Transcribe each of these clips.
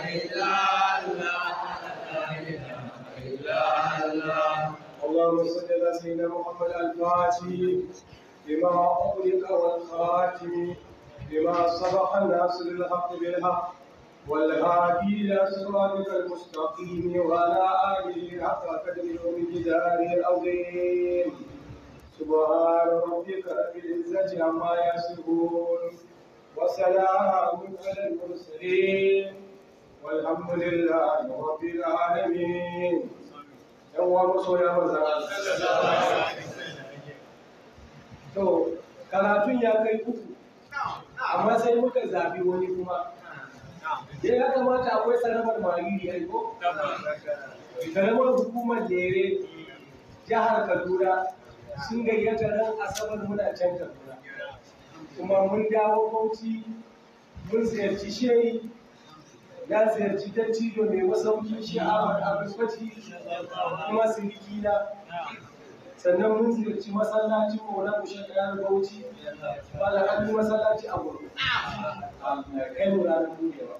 اللهم صل على سيدنا محمد الفاتح بما أغلق والخاتم بما صبح الناس للحق بالحق والهادي إلى صراطك المستقيم وعلى آله حق قدره ومقداره العظيم سبحان ربك رب العزة عما يصفون وسلام على المرسلين والحمد لله رب العالمين yawa maso ya maza to karatun ya kai uku amma sai muka zabi wani kuma dai ya kamata akwai sanarwar mariri ya ko sanarwar hukumar jere jihar kaduna sun gayyata ran asabar muna can kaduna kuma mun dawo bauchi mun ziyarci shehi ya ziyarci dattijo mai masauki shi Ahmad Abdulfati kuma siriki na sannan mun ziyarci masallaci ko na kushe kayan bauchi bala an yi masallaci a gudu kai mu ranar budewa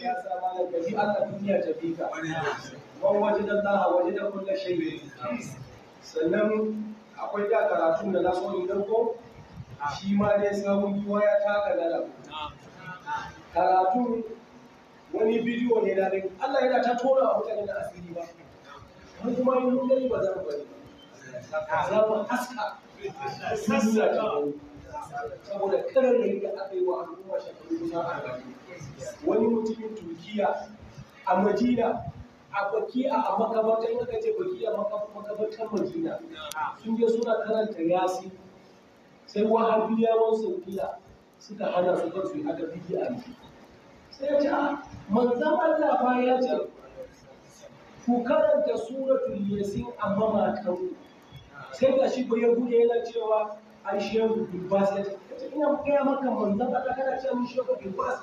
ya sa malam ka ji Allah duniya ta bi ka wan waje da Allah waje da kullu shay sannan akwai da karatu da na so in garko shi ma dai sabon giwa ya taka galaba karatu wani bidiyo ne na dai Allah yana ta tona wa mutane da asiri ba mun kuma yin mun ba za mu bari ba za mu haska sassa ta saboda karin da aka yi wa al'umma shekaru kusa arba'in wani mutumin turkiya a madina a bakiya a makabarta in aka ce bakiya makabartar madina sun je suna karanta yasi sai wahabiyawan saudiya suka hana su kansu aka bidiya ne sai ce ah, manzan Allah fa ya ce ku karanta suratul yasin amma matan sai ga shi ya bude yana cewa ai shehu dubbas ya ce ina gaya maka manzan Allah kana ce mun shehu dubbas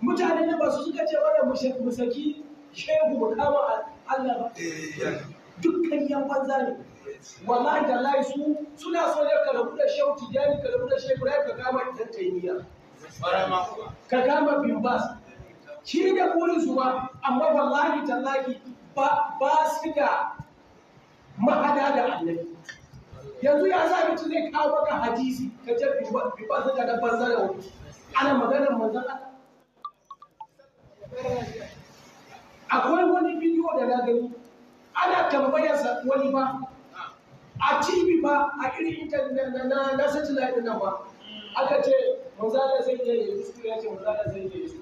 mutane ne ba su suka ce mana mu saki shehu mu kama Allah ba eh, dukkan yan banza ne wallahi lai su suna so ne ka rabu da shehu tijani ka rabu da shehu ibrahim ka kama tantaniya ka kama bimbas shi da kuri su ba amma wallahi tallahi ba ba su da ma'ana da annabi yanzu ya sa mutum zai kawo baka hadisi ka ce bimbas da da banza da wani ana maganar manzon Allah akwai wani bidiyo da na gani ana tambayarsa wani ba a tv ba a irin internet na na na satellite na ba aka ce manzala zai je ya kuskure ya ce manzala zai je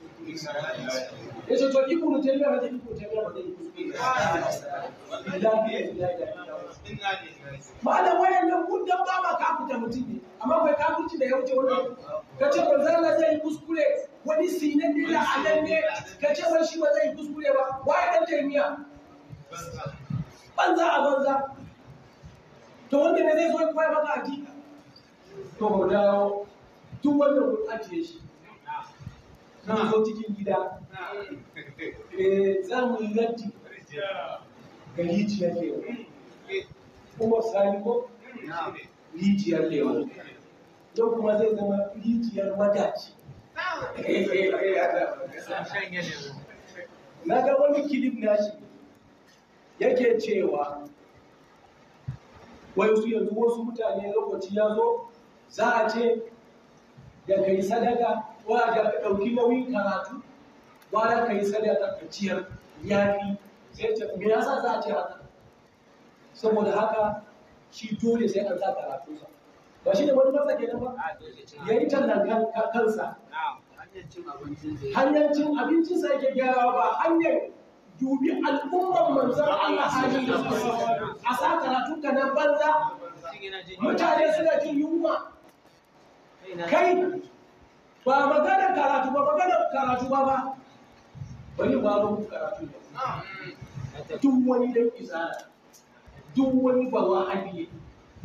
ya ce to ibn taymiya ba zai ibn taymiya ba zai kuskure malam wayannan kudin ba ma kafuta mutum ne amma bai kafurci da ya wuce wannan ka ce ban manzala zai yi kuskure wani sinan ne la'anan ne ka ce ban shi ba zai yi kuskure ba waye dan taymiya banza a banza to wanda ne zai zo ya koya maka hakika to mu dawo duk wanda ku ajiye shi na zo cikin gida eh za mu yi raddi ga rijiyar lewa kuma sani ko rijiyar lewa to kuma zai zama rijiyar wadaci na ga wani kilib nashi yake cewa wai su yanzu wasu mutane lokaci ya zo za a ce da kai sadaka wa da ɗauki nauyin karatu da ka yi sadaka ka ciyar fi sai ce me yasa za a ce haka saboda haka shi dole sai an sa karatu sa ba shi da wani masa nan ba ya yi tallan kansa hanyar cin sa yake gyarawa ba hanyar dubi al'ummar manzan Allah hali da a sa karatu ka na banza mutane suna jin yunwa kai ba maganar karatu ba maganar karatu ba ba wani ba ba karatu ba duk wani dan izara duk wani ba wahabi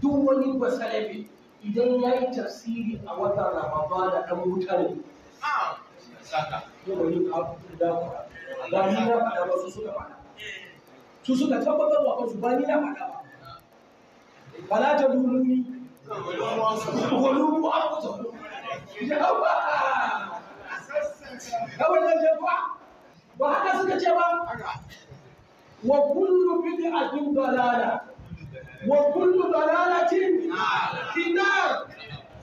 duk wani ba salafi idan ya yi tafsiri a watan ramadana dan wutar saka Yau wani abu da ba ni na faɗa ba su suka faɗa su suka tabbatar wa kansu ba ni na faɗa ba fala ta dumuni wani an kusa yawa kawai nan jafa ba haka suka ce ba wa kullu bid'atin dalala wa kullu dalalatin fi nar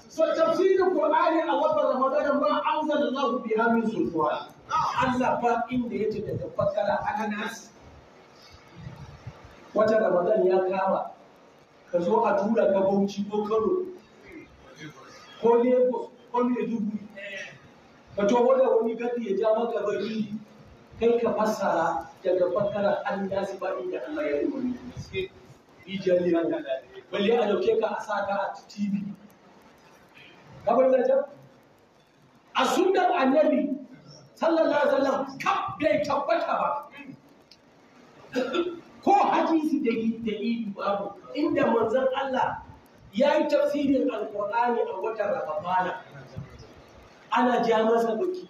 so tafsirin qur'ani a watan ramadan ma anzalallahu biha min sulfan Allah ba inda ya ce daga fakara ananas wata ramadan ya kama ka zo a tura ka bauchi ko kano ko lagos ko maiduguri ka to wanda wani gadi ya ja maka bari kai ka fassara daga fakara ananas ba inda Allah ya yi wani ijali haka balle a dauke ka a sa ka a tv ka bar da a sunnar annabi sallallahu alaihi wasallam kaf bai tabbata ba ko hadisi da da idu babu inda manzon Allah ya yi tafsirin alqur'ani a watan ramadana ana ja masa baki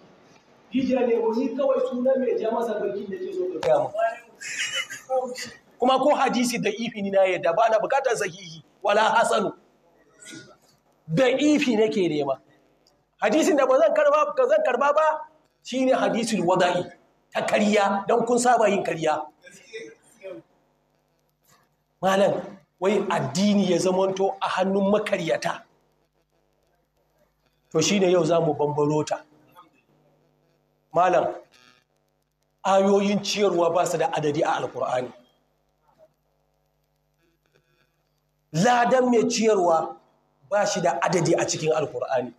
hijira ne wani kawai sunan mai ja masa baki da ke so ka gaya kuma ko hadisi da ifi ni na yadda ba na bukatar sahihi wala hasanu da ifi nake nema hadisin da ba zan karba ba zan karba ba shine hadisul wada'i ta kariya don kun saba yin kariya malam wai addini ya zamanto a hannun makaryata to shi ne yau za mu bambaro ta malam ayoyin ciyarwa ba su da adadi a alkur'ani ladan mai ciyarwa ba shi da adadi a cikin alkur'ani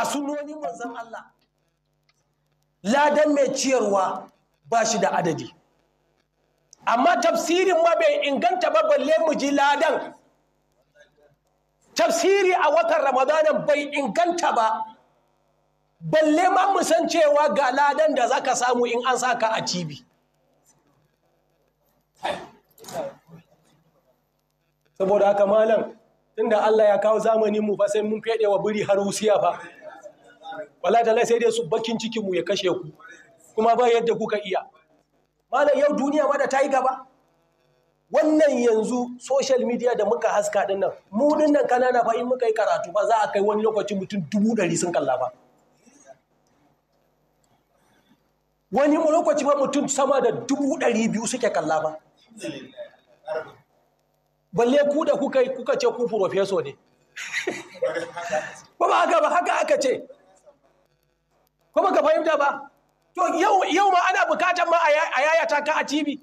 a sunonin manzan Allah ladan mai ciyarwa ba shi da adadi amma tafsirin ma inganta ba balle mu ji ladan tafsiri a watan Ramadana bai inganta ba balle ma mu san cewa ga ladan da zaka samu in an saka a cibi saboda haka malam inda Allah ya kawo zamanin mu fa sai mun fede wa buri har wusiya fa wallahi sai dai su bakin cikin mu ya kashe ku kuma ba yadda kuka iya malam yau duniya ma da ta yi gaba wannan yanzu social media da muka haska din nan mu din nan kanana fa in muka yi karatu ba za a kai wani lokacin mutum dubu ɗari sun kalla ba wani lokaci ba mutum sama da dubu ɗari biyu suke kalla ba balle ku da kuka ce ku profeso ne ba ba haka ba haka aka ce ko ka fahimta ba to yau yau ma ana bukatan ma a yayata ka a TV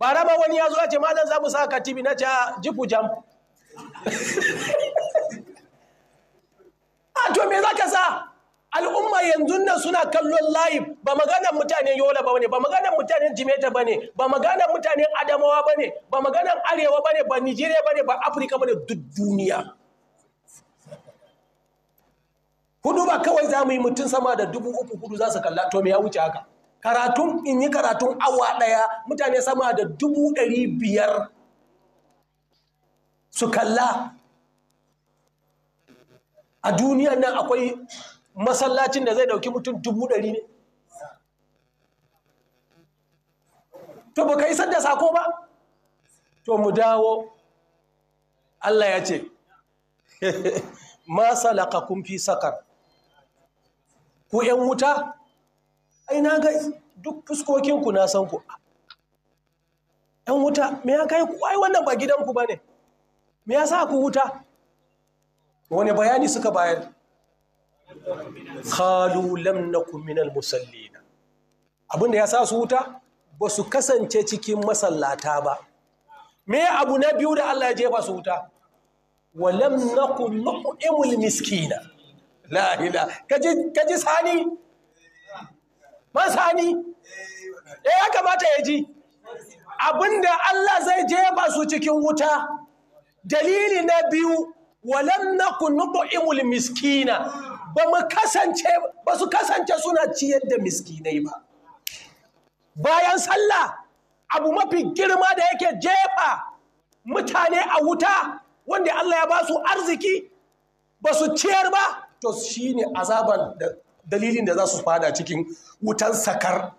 Ba raba wani ya zo ya ce malam za mu sa ka TV na ce ah, jifu jam a ah, to me zaka sa al'umma yanzu nan suna kallon live ba maganar mutanen yola ba ne ba maganar mutanen jimeta ba ba maganar mutanen adamawa ba ba maganar arewa ba ne ba nigeria ba ba afirka ba ne duk duniya hudu ba kawai za mu yi mutum sama da dubu uku hudu za su kalla to me ya wuce haka karatun in yi karatun awa ɗaya mutane sama da dubu ɗari biyar su kalla a duniyan nan akwai masallacin da zai ɗauki mutum dubu ɗari ne to ba ka yi da sako ba to mu dawo Allah ya ce ma salaka kun fi sakar ku ‘yan wuta ai na ga duk fuskokinku na san ku ‘yan wuta me ya kai ku ai wannan ba gidanku ba ne me ya sa ku wuta wani bayani suka bayar khalu lam nakum minal musallina abinda ya sa su wuta ba su kasance cikin masallata ba me abu na biyu da Allah ya jefa su wuta walam nakum nu'imul miskina la ka ji sani ba sani eh ya kamata ya ji abinda Allah zai jefa su cikin wuta dalili na biyu walan na ku miskina ba mu ba su kasance suna ciyar da miskinai ba bayan sallah abu mafi girma da yake jefa mutane a wuta wanda Allah ya ba su arziki ba su ciyar ba to ne azaban da dalilin da za su fada cikin wutan sakar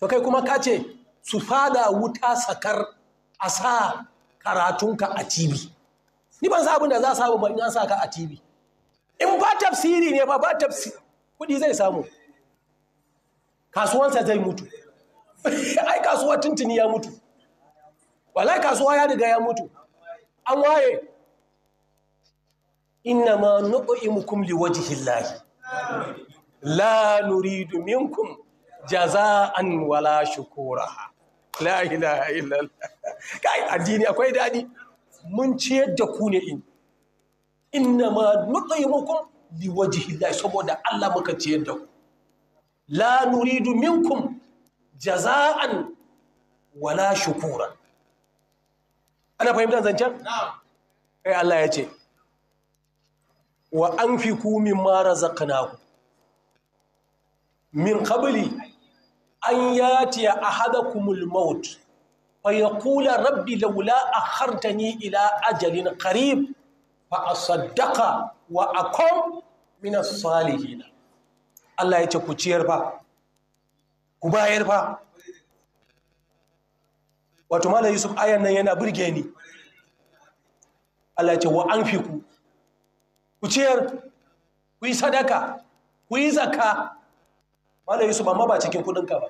to kai kuma ka ce su fada wuta sakar a sa karatunka a TV ni ban sa da za samu ba in an sa ka a TV in ba tafsiri ne ba ba tafsiri kudi zai samu kasuwansa zai mutu ai kasuwa tuntuni ya mutu wallahi kasuwa ya riga ya mutu an waye inna ma nu'imukum liwajhillahi la nuridu minkum an wala shukura la ilaha illallah addini akwai daɗi. mun ciyar da ku ne in inna ma nu'imukum liwajhillahi saboda Allah muka ciyar da ku la nuridu minkum an wala shukura ana fahimtar zancen? na'am Allah ya ce wa an fi ku min mara zakanaku min kabili an yati a hada kumul fa ya kula rabbi laula a harta ni ila ajalin karib fa a saddaka wa a kom mina salihina Allah ya ce ku ciyar fa ku bayar fa wato malam yusuf ayan nan yana birge ni Allah ya ce wa an fi ku ku ciyar ku yi sadaka ku yi zakka malam yusuf amma ba cikin kudinka ba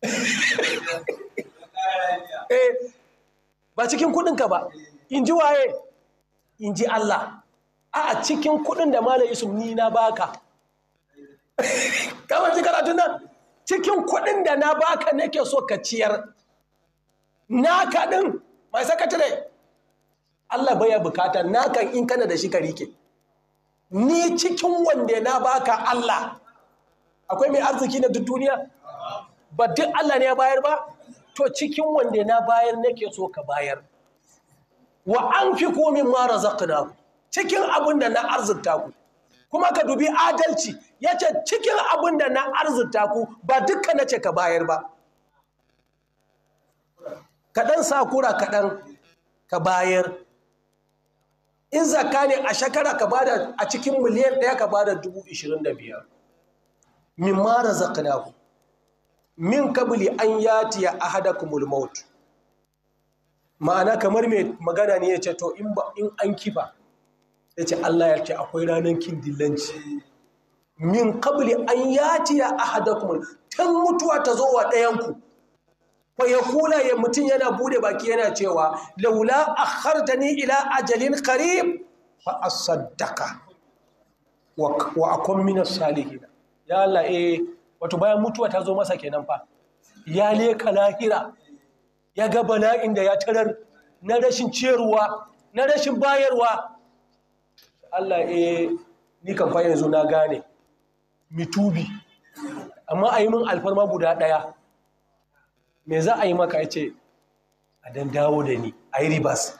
eh, ba cikin kudinka ba in ji waye in ji Allah a cikin kudin da malam yusuf ni na baka kamar ji karatun nan cikin kudin da na baka nake so ka ciyar Na kaɗin, mai sakatare Allah baya bukata kan in kana da shi ka rike ni cikin wanda na baka Allah akwai mai arziki na duk duniya ba duk Allah ne ya bayar ba to cikin wanda na bayar nake so ka bayar wa an fi komin mara zaƙina cikin abin da na arzikta ku kuma ka dubi adalci yace cikin abin da na arzikta ku ba dukkan na ce ka bayar ba kaɗan sakura kaɗan ka bayar in zakka ne a shekara ka bada a cikin miliyan ɗaya ka bada dubu ishirin da biyar min mara ku min kabili an yatiya ahadakumul maut ma'ana kamar mai magana ne ya ce to in an kifa ya ce Allah ya ce akwai ranar kin dillanci min kabili an yatiya ahadakumul tan mutuwa ta zo wa ɗayanku fa ya mutum yana bude baki yana cewa laula ni ila ajalin qarib fa asaddaka wa akun min salihin ya Allah eh wato bayan mutuwa ta zo masa kenan fa ya leka lahira ya ga bala'in da ya tarar na rashin ciyarwa na rashin bayarwa Allah eh ni kan fa yanzu na gane mitubi amma ayi yi min alfarma guda ɗaya me za a yi maka ya ce a dan dawo da ni a yi ribas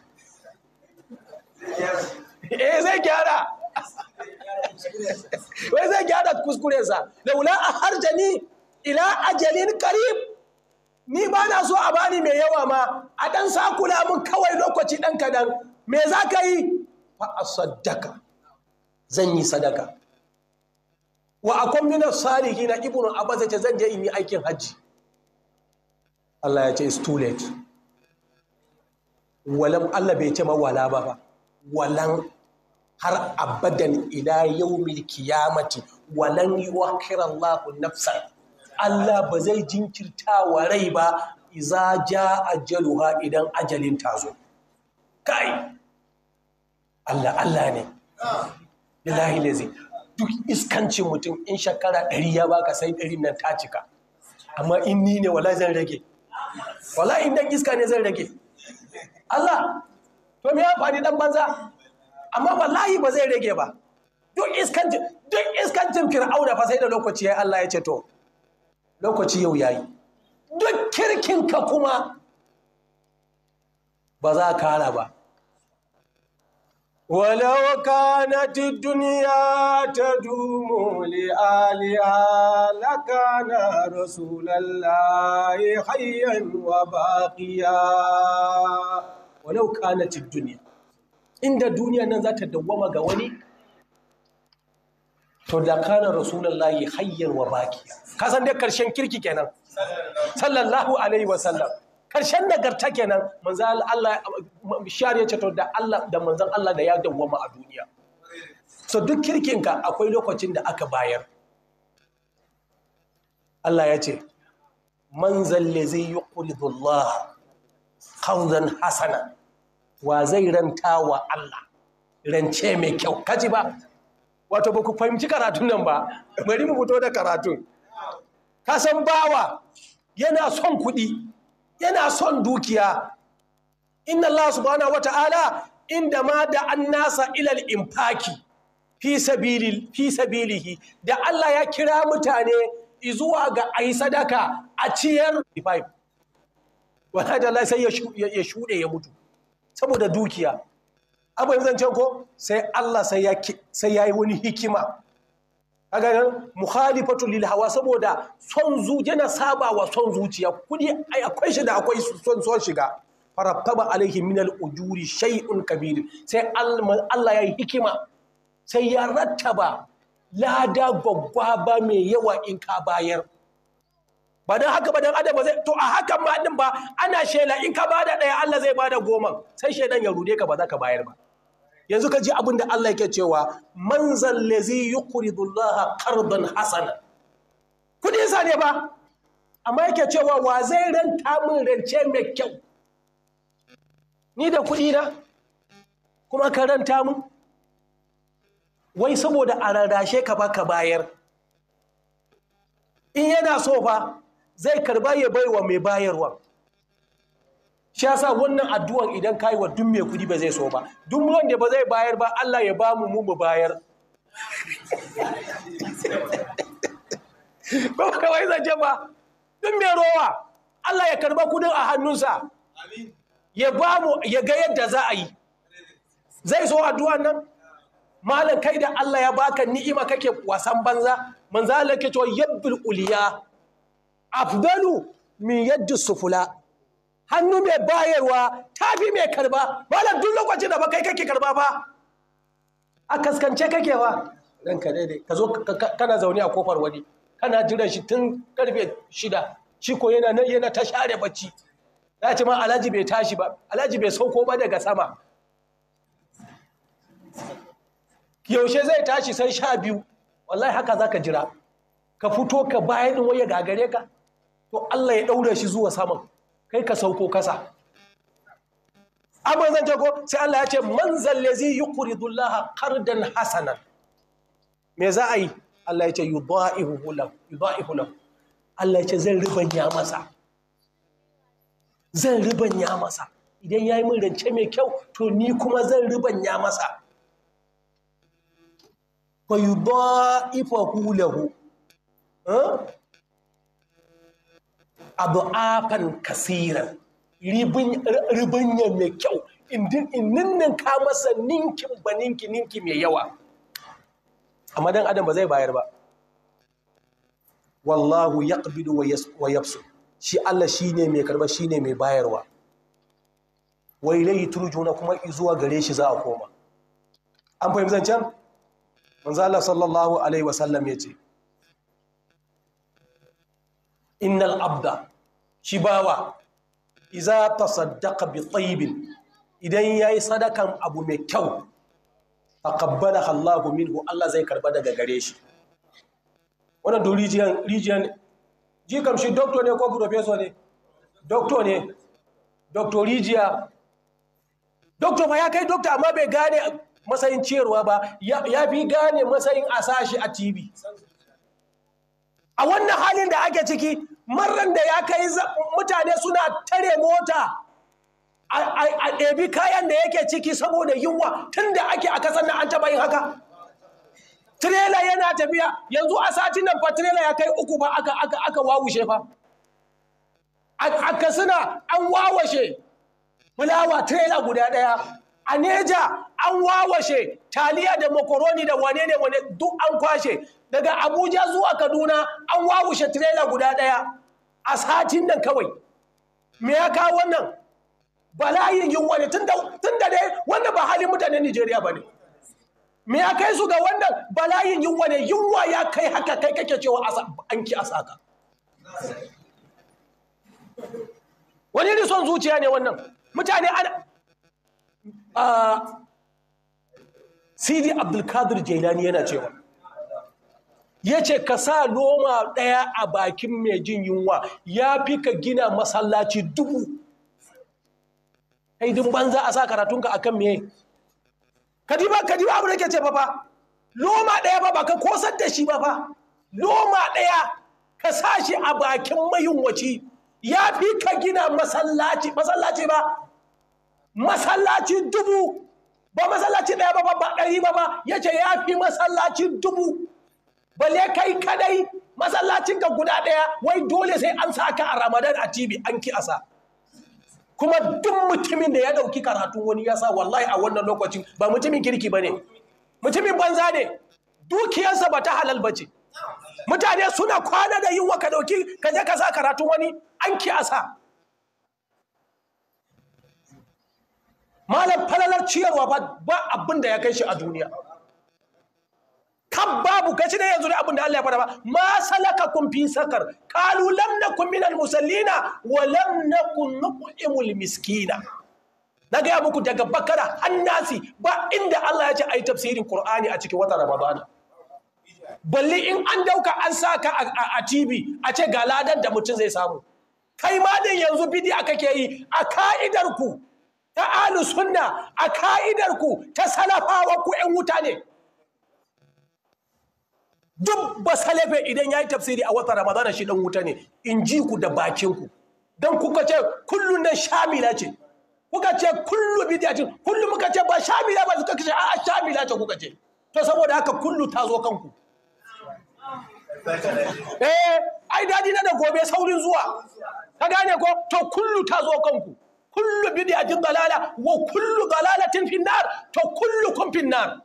eh zai gyara wai zai gyara kuskurensa wula a ni, ila ajalin karib ni ba na so a bani mai yawa ma a dan sakula mun kawai lokaci dan kadan me za ka yi fa asaddaka zan yi sadaka wa akon mina salihi na ibnu abbas ce zan je in yi aikin hajji Allah ya ce it's too late walam Allah bai ce mawala ba ba walan har abadan ila yaumil kiyamati walan kiran Allah nafsa Allah ba zai jinkirta wa rai ba iza ja ajaluha idan ajalin ta zo kai Allah Allah ne lillahi lazi duk iskancin mutum in shekara ɗari ya baka sai ɗari nan ta cika amma in ni ne wala zan rage wallahi in dan iska ne zai rage Allah to me ya faɗi dan banza amma wallahi ba zai rage ba duk iskan duk iskancin fir'auna fa sai da lokaci ya Allah ya ce to lokaci yau yayi duk kirkin ka kuma ba za ka kara ba ولو كانت الدنيا تدوم لآلها لكان رسول الله حيا وباقيا ولو كانت الدنيا inda duniya nan zata ta dawwama ga wani to da kana rasulullahi hayyan wa baqiya ka san dai karshen kirki kenan sallallahu karshen nagarta kenan manzan Allah shari ya ceto da Allah da manzan Allah da ya dawwama a duniya so duk kirkinka akwai lokacin da aka bayar Allah ya ce man le zai yi ƙulidullah ƙaunar hasana wa zai ranta wa Allah rance mai kyau kaji ba wato ba ku fahimci karatun nan ba bari mu fito da karatun kasan bawa yana son kuɗi yana son dukiya inna Allah subhanahu wata'ala inda ma da an nasa ilal infaki fi sabilihi da Allah ya kira mutane zuwa ga ai sadaka a ciyar wala da Allah sai ya shuɗe ya mutu saboda dukiya abin zancen ko sai Allah sai ya yi wani hikima kaga nan mukhalifatu lil hawa saboda son zu yana saba wa son zuciya kudi akwai shi da akwai son son shiga farattaba alaihi min al ujuri shay'un kabir sai Allah ya yi hikima sai ya rattaba lada ba mai yawa in ka bayar ba don haka ba don adam ba zai to a hakan ma din ba ana shela in ka bada daya Allah zai bada goma sai shedan ya rude ka ba za ka bayar ba yanzu ka ji abin da Allah yake cewa man zallazi yuqridu Allah qardan hasana kudin sa ne ba amma yake cewa wa zai ranta min rance mai kyau ni da kudi na kuma ka ranta min wai saboda a rarrashe ka ba ka bayar in yana so fa zai karba ya baiwa mai bayarwa shi yasa wannan addu'an idan kai wa duk mai kudi ba zai so ba duk wanda ba zai bayar ba Allah ya bamu mu mu bayar ba kawai zance ba duk mai rowa Allah ya karba kudin a hannunsa ya bamu ya ga yadda za a yi zai so addu'an nan malam kai da Allah ya baka ni'ima kake wasan banza manzalaka to yake uliya afdalu min yaddi sufula hannu mai bayarwa tafi mai karba malam duk lokacin da ba kai kake karba ba a kaskance kake ba ranka daidai ka zo kana zaune a kofar wani kana jiran shi tun karfe shida shi ko yana nan yana ta share bacci ya ce ma alhaji bai tashi ba alhaji bai sauko ba daga sama yaushe zai tashi sai sha biyu wallahi haka za ka jira ka fito ka bayan waya gagare ka to Allah ya ɗaura shi zuwa saman kai ka sauko kasa abin zan ko sai Allah ya ce man zallazi yuqridullaha ƙardan hasanan me za a yi Allah ya ce yi ba yudha'ihu lahu Allah ya ce zan ya masa zan ya masa idan ya yi min rance mai kyau to ni kuma zan ya masa yi ba ifa eh adu'afan kasiran ribanya mai kyau innin ka masa ninkin ba ninki ninki mai yawa amma dan adam ba zai bayar ba wallahu yaqbidu wa yabsu shi Allah shine mai karba shine mai bayarwa wa ilayhi turjuna kuma zuwa gare shi za a koma an fahimci zancen manzo Allah sallallahu alaihi wasallam yace innal abda shibawa iza ta tasaddaqa bi tayyibin idan ya yi sadakan abu mai kyau a taqabbala Allahu minhu Allah zai karba daga gare shi wannan do rijiyan rijiyan ji kamshi doktor ne ko professor ne doktor ne doktor rijiya doktor ba ya kai doktor amma bai gane matsayin ciyarwa ba ya fi gane matsayin a sashi a TV a wannan halin da ake ciki marar da ya kai mutane suna tare mota a ɗebi kayan da yake ciki saboda yunwa tun da ake a kasar na an taɓa yin haka tirela yana tafiya yanzu a satin nan fa tirela ya kai uku ba aka wawushe fa aka suna an wawashe fulawa tirela guda ɗaya a neja an wawashe taliya da makaroni da wane ne wane duk an kwashe daga abuja zuwa kaduna an wawushe tirela guda ɗaya a satin nan kawai me ya kawo wannan bala'in yunwa ne tun da dai wanda ba halin mutanen Nijeriya ba ne me ya kai su ga wannan bala'in yunwa ne yunwa ya kai haka kai kake cewa an ki asaka wani ne son zuciya ne wannan mutane an ah, sidi abdulkadir jailani yana cewa ya ce ka sa noma ɗaya a bakin mai jin yunwa ya fi ka gina masallaci dubu haidin banza a sa karatunka a kan meye kadiba kadiba abu da ke ce ba fa noma ɗaya ba ba ka kosar da shi ba fa noma ɗaya ka sa shi a bakin mayunwaci ya fi ka gina masallaci masallaci ba masallaci dubu ba masallaci ɗaya ba ba ɗari ba ba ya ce ya fi masallaci dubu balle kai kadai masallacin ka guda ɗaya wai dole sai an sa ka a ramadan a tv an ki asa kuma duk mutumin da ya ɗauki karatun wani ya sa wallahi a wannan lokacin ba mutumin kirki ba ne mutumin banza ne dukiyarsa ba ta halal ba ce mutane suna kwana da yin ka ɗauki ka je ka sa karatun wani an ki asa malam falalar ciyarwa ba abin da ya kai shi a duniya babu kace ne yanzu da abin da Allah ya faɗa ba ma salaka kun fi sakar qalu lam nakum minal musallina wa lam nakun nuqimul miskina na gaya muku daga bakara annasi ba inda Allah ya ce ayi tafsirin Qur'ani a cikin wata Ramadan balli in an dauka an saka a TV a ce ga ladan da mutum zai samu kai ma din yanzu bidi aka ke yi a ka'idar ku ta ahlus sunna a ka'idar ku ta salafawa ku ƴan wuta ne duk ba salafe idan ya yi tafsiri a wata ramadana shi dan wuta ne in ji ku da bakin ku don kuka ce kullum nan shamila ce kuka ce kullu bidiya ce kullum muka ce ba shamila ba suka ce a'a shamila ce kuka ce to saboda haka kullu ta zo kanku eh ai dadi na da gobe saurin zuwa ka gane ko to kullu ta zo kanku kullu bidiyatin dalala wa kullu dalalatin finnar to kun finnar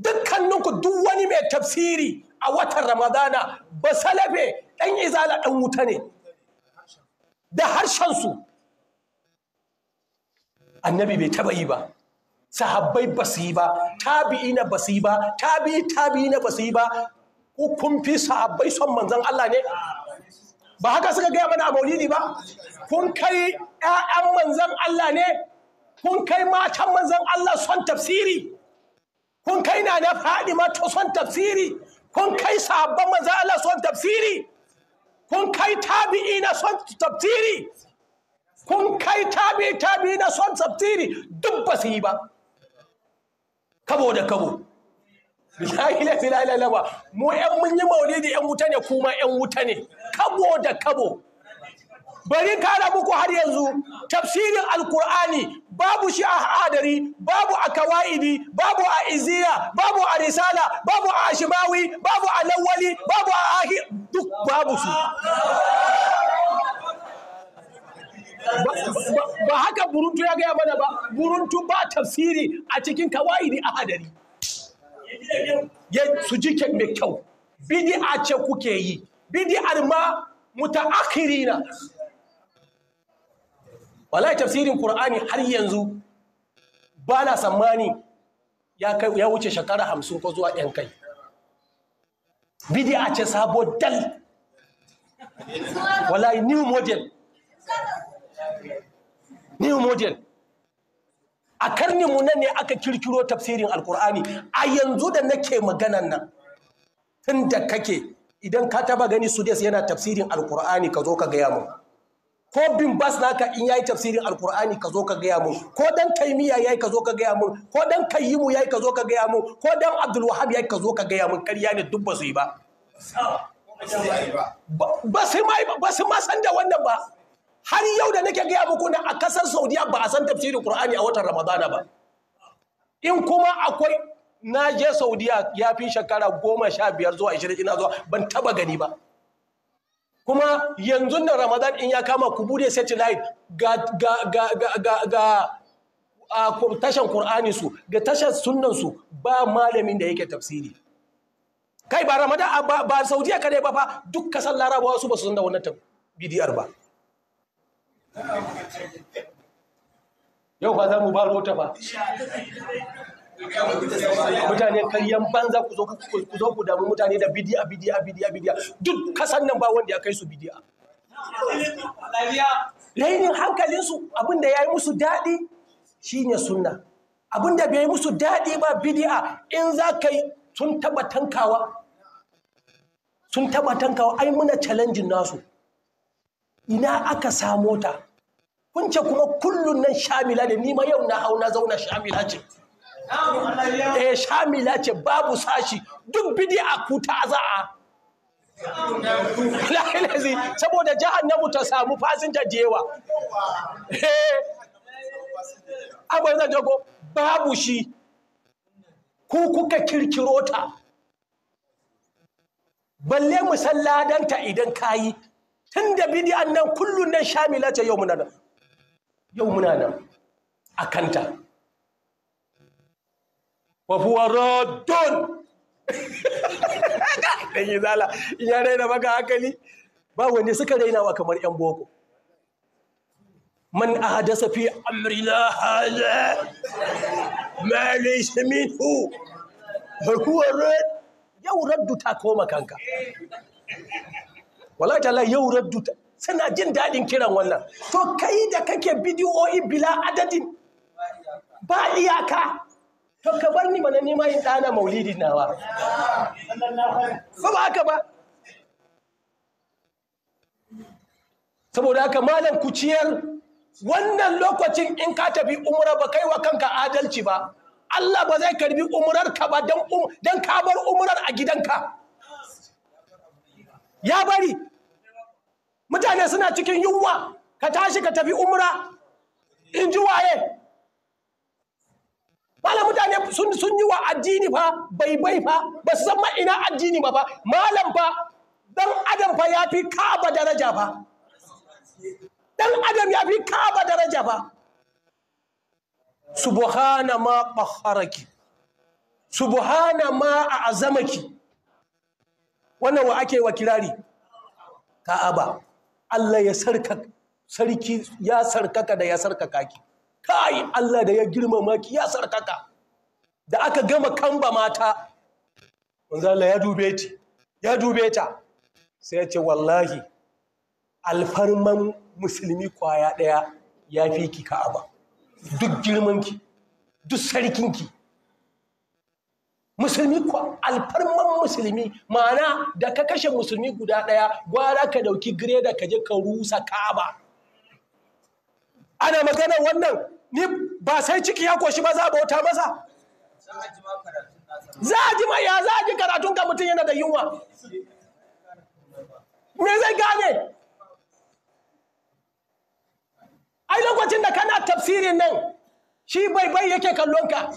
dukkaninku duk wani mai tafsiri a watan ramadana ba salafe ɗan izala ɗan wuta ne da harshensu annabi bai taɓa yi ba sahabbai ba su yi ba tabi'i na ba su yi ba tabi'i tabi'i na ba su yi ba kun fi sahabbai son manzan Allah ne ba haka suka gaya mana a maulidi ba kun kai 'ya'yan manzan Allah ne kun kai matan manzan Allah son tafsiri kun kai na na faɗi mato son tafsiri kun kai sabon manzo Allah son tafsiri kun kai tabi'i na son tafsiri kun kai tabi tabi na son tafsiri duk ba su yi ba kabo da kabo bilahi la ilaha mu yan mun yi maulidi yan wuta ne kuma yan wuta ne kabo da kabo bari kara muku har yanzu tafsirin alkur'ani babu shi a hadari babu a kawaidi babu a iziya babu a risala babu a ashimawi babu a lawali babu a ahi duk babu su ba haka buruntu ya gaya mana ba buruntu ba tafsiri a cikin kawaidi a hadari su ji mai kyau bidi'a ce kuke yi bidi'ar ma akirina wallahi tafsirin qur'ani har yanzu ba na sammani ya kai ya wuce shekara hamsin ko zuwa ɗan kai bidiya ce sabo dal wallahi new model new model a karni mu nan ne aka kirkiro tafsirin alkur'ani a yanzu da nake maganan nan tun da kake idan ka taba gani su yana tafsirin alkur'ani ka zo ka gaya mu ko bin bas naka in yayi tafsirin alkur'ani ka zo ka gaya mu ko dan taymiya yayi ka zo ka gaya mu ko dan kayyimu yayi ka zo ka gaya mu ko dan abdul wahhab yayi ka zo ka gaya mu ƙarya ne duk ba su yi ba ba su ma ba su ma san da wannan ba har yau da nake gaya muku a kasar saudiya ba a san tafsirin qur'ani a watan ramadana ba in kuma akwai na je saudiya ya fi shekara goma sha biyar zuwa ashirin ina zuwa ban taba gani ba kuma yanzu da ramadan in ya kama ku bude satellite ga tashar Kur'anisu, ga tashar tashan su ga tashan sunnan su ba malamin da yake tafsiri kai ba ramadan ba saudiya kare ba fa duk kasan larabawa su ba su san wannan bidiyar ba yau ba za mu ba rota ba mutane karyan banza ku zo ku zo ku damu mutane da bidiya bidiya bidiya bidiya duk kasan nan ba wanda ya kai su bidiya hankalin hankalinsu abinda ya yi musu daɗi shine sunna abinda bai musu daɗi ba bidiya in za ka yi sun taba tankawa sun taba tankawa ai muna challenge nasu ina aka samo ta kunce kuma kullun nan shamila ne ni ma yau na hau zauna shamila ce eh shamila ce babu sashi duk a kuta ta za'a lalazi saboda jahannamu ta samu fasinja jewa, yawa eh, abin zan jago babu shi ku kuka kirkiro ta balle musalladanta idan kayi tun da bidi nan kullum nan shamila ce yau muna nan yau muna nan a kanta wa huwa raddun yi zala ya raina maka hankali ba wani suka raina wa kamar yan boko man ahdasa fi amrina hada ma laysa minhu yau raddu ta koma kanka wallahi ta yau raddu ta suna jin daɗin kiran wannan to kai da kake bidiyoyi bila adadin ba iyaka to ka bar ni mana nima yin ɗana maulidi nawa ba ba haka ba saboda haka malam ku ciyar wannan lokacin in ka tafi umra ba kai wa kanka adalci ba Allah ba zai karbi umrar ka ba um, don ka bar umrar a gidanka ya bari mutane suna cikin yunwa ka tashi ka tafi umra in ji waye malam mutane sun yi wa addini fa bai bai fa ba su ma ina addini ba fa malam fa dan adam fa ya fi ka'aba daraja fa dan adam ya fi ka'aba daraja fa subhana ma qahharaki subhana ma a'zamaki wannan wa ake wa kirari ka'aba Allah ya sarkaka sarki ya sarkaka da ya sarkaka ki kai Allah da ya girmama ki ya sarkaka da aka gama kamba mata manzo Allah ya dube ta ya dube ta sai ya ce wallahi alfarman musulmi kwaya daya ya fi ki ka'aba duk girman ki duk sarkin ki musulmi ko alfarman musulmi ma'ana da ka kashe musulmi guda daya gwara ka dauki greda ka je ka rusa ka'aba ana magana wannan ni ba sai ciki ya koshi ba za a bauta masa za a ji ma za a ji karatun ka mutum yana da yunwa me zai gane ai lokacin da kana tafsirin nan shi bai bai yake kallon ka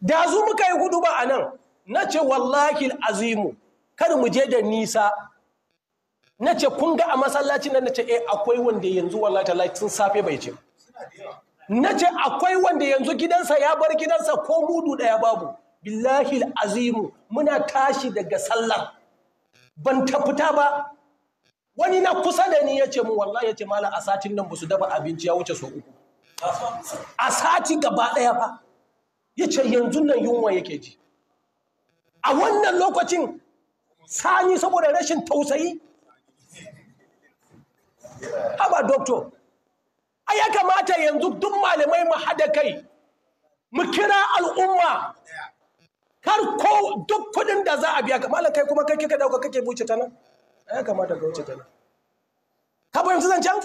da zu muka yi hudu ba a nan na ce wallahi azimu kada mu je da nisa na ce kun ga a masallaci nan na ce eh akwai wanda yanzu wallahi tallahi tun safe bai ce na ce akwai wanda yanzu gidansa ya bar gidansa ko mudu daya babu billahi azimu muna tashi daga sallar ban ta fita ba wani na kusa da ni yace mu wallahi yace a satin nan ba su dafa abinci ya wuce so uku a sati gaba daya fa yace yanzu nan yunwa yake ji a wannan lokacin sani saboda rashin tausayi haba doktor, a ya kamata yanzu duk malamai mu hada kai mu kira al'umma kar ko duk kudin da za a biya ka malam kai kuma kai kika dauka kake buce ta nan ya kamata ka wuce ta nan ka fahimci zancen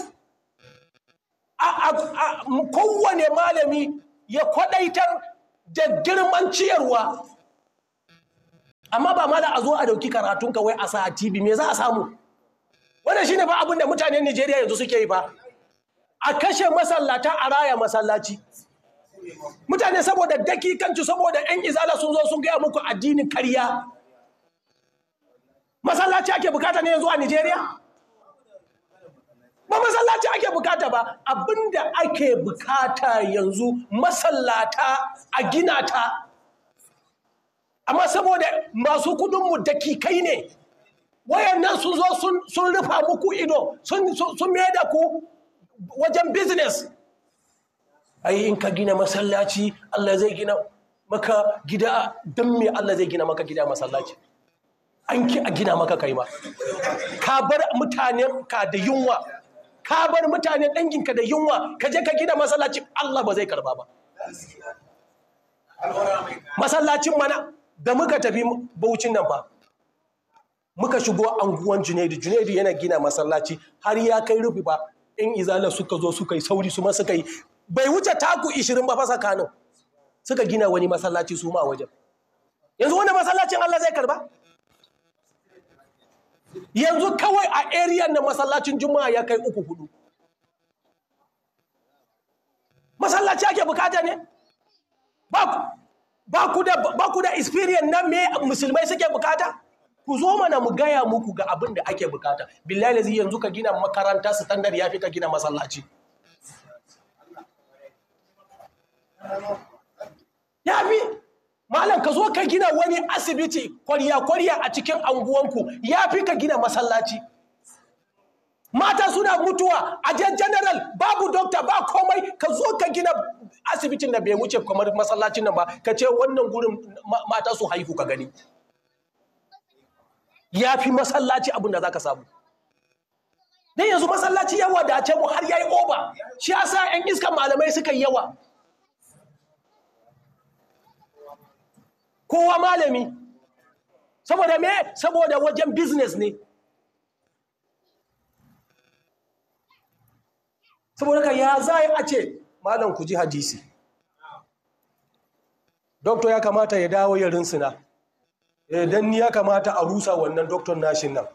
a kowane malami ya kwadaitar da girman ciyarwa amma ba mala a zo a dauki karatunka wai a sa a tv me za a samu shi ne ba abin da mutanen Nijeriya yanzu suke yi ba a kashe masallata a raya masallaci mutane saboda dakikanci saboda yan izala sun zo sun gaya muku addinin karya masallaci ake bukata ne yanzu a Nijeriya ba masallaci ake bukata ba abinda ake bukata yanzu masallata a gina ta amma saboda masu kudinmu dakikai ne Wayan nan sun zo sun rufa muku ido sun mai da ku wajen business ai in ka gina masallaci Allah zai gina maka gida don me Allah zai gina maka gida masallaci an ki a gina maka kai ma ka bar mutane ka da yunwa ka bar mutane danginka da yunwa ka je ka gina masallaci Allah ba zai karba ba masallacin mana da muka tafi baucin nan fa muka shigo anguwan junaidu junaidu yana gina masallaci har ya kai rufi ba in izala suka zo suka yi sauri su ma suka yi bai wuce taku ishirin ba fa tsakanin, suka gina wani masallaci su ma wajen yanzu wani masallacin Allah zai karba yanzu kawai a area na masallacin juma'a ya kai uku hudu masallaci ake bukata ne ba ku da experience na me musulmai suke bukata ku zo mana mu gaya muku ga abin da ake bukata billahi lazi yanzu ka gina makaranta standard ya fi ka gina masallaci ya fi malam ka zo ka gina wani asibiti kwarya-kwarya a cikin anguwanku ya fi ka gina masallaci mata suna mutuwa a general babu dokta ba komai ka zo ka gina asibitin da bai wuce kamar masallacin nan ba ka ce wannan gurin mata su haihu ka gani ya fi masallaci abin da za ka samu dan yanzu masallaci yawa da ce mu har ya yi oba shi sa yan iskan malamai suka yi yawa kowa malami saboda me saboda wajen business ne saboda ka ya za a ce malam ku ji hadisi doktor ya kamata ya dawo ya rinsuna Eh, dan ni ya kamata a rusa wannan doktor nashin nan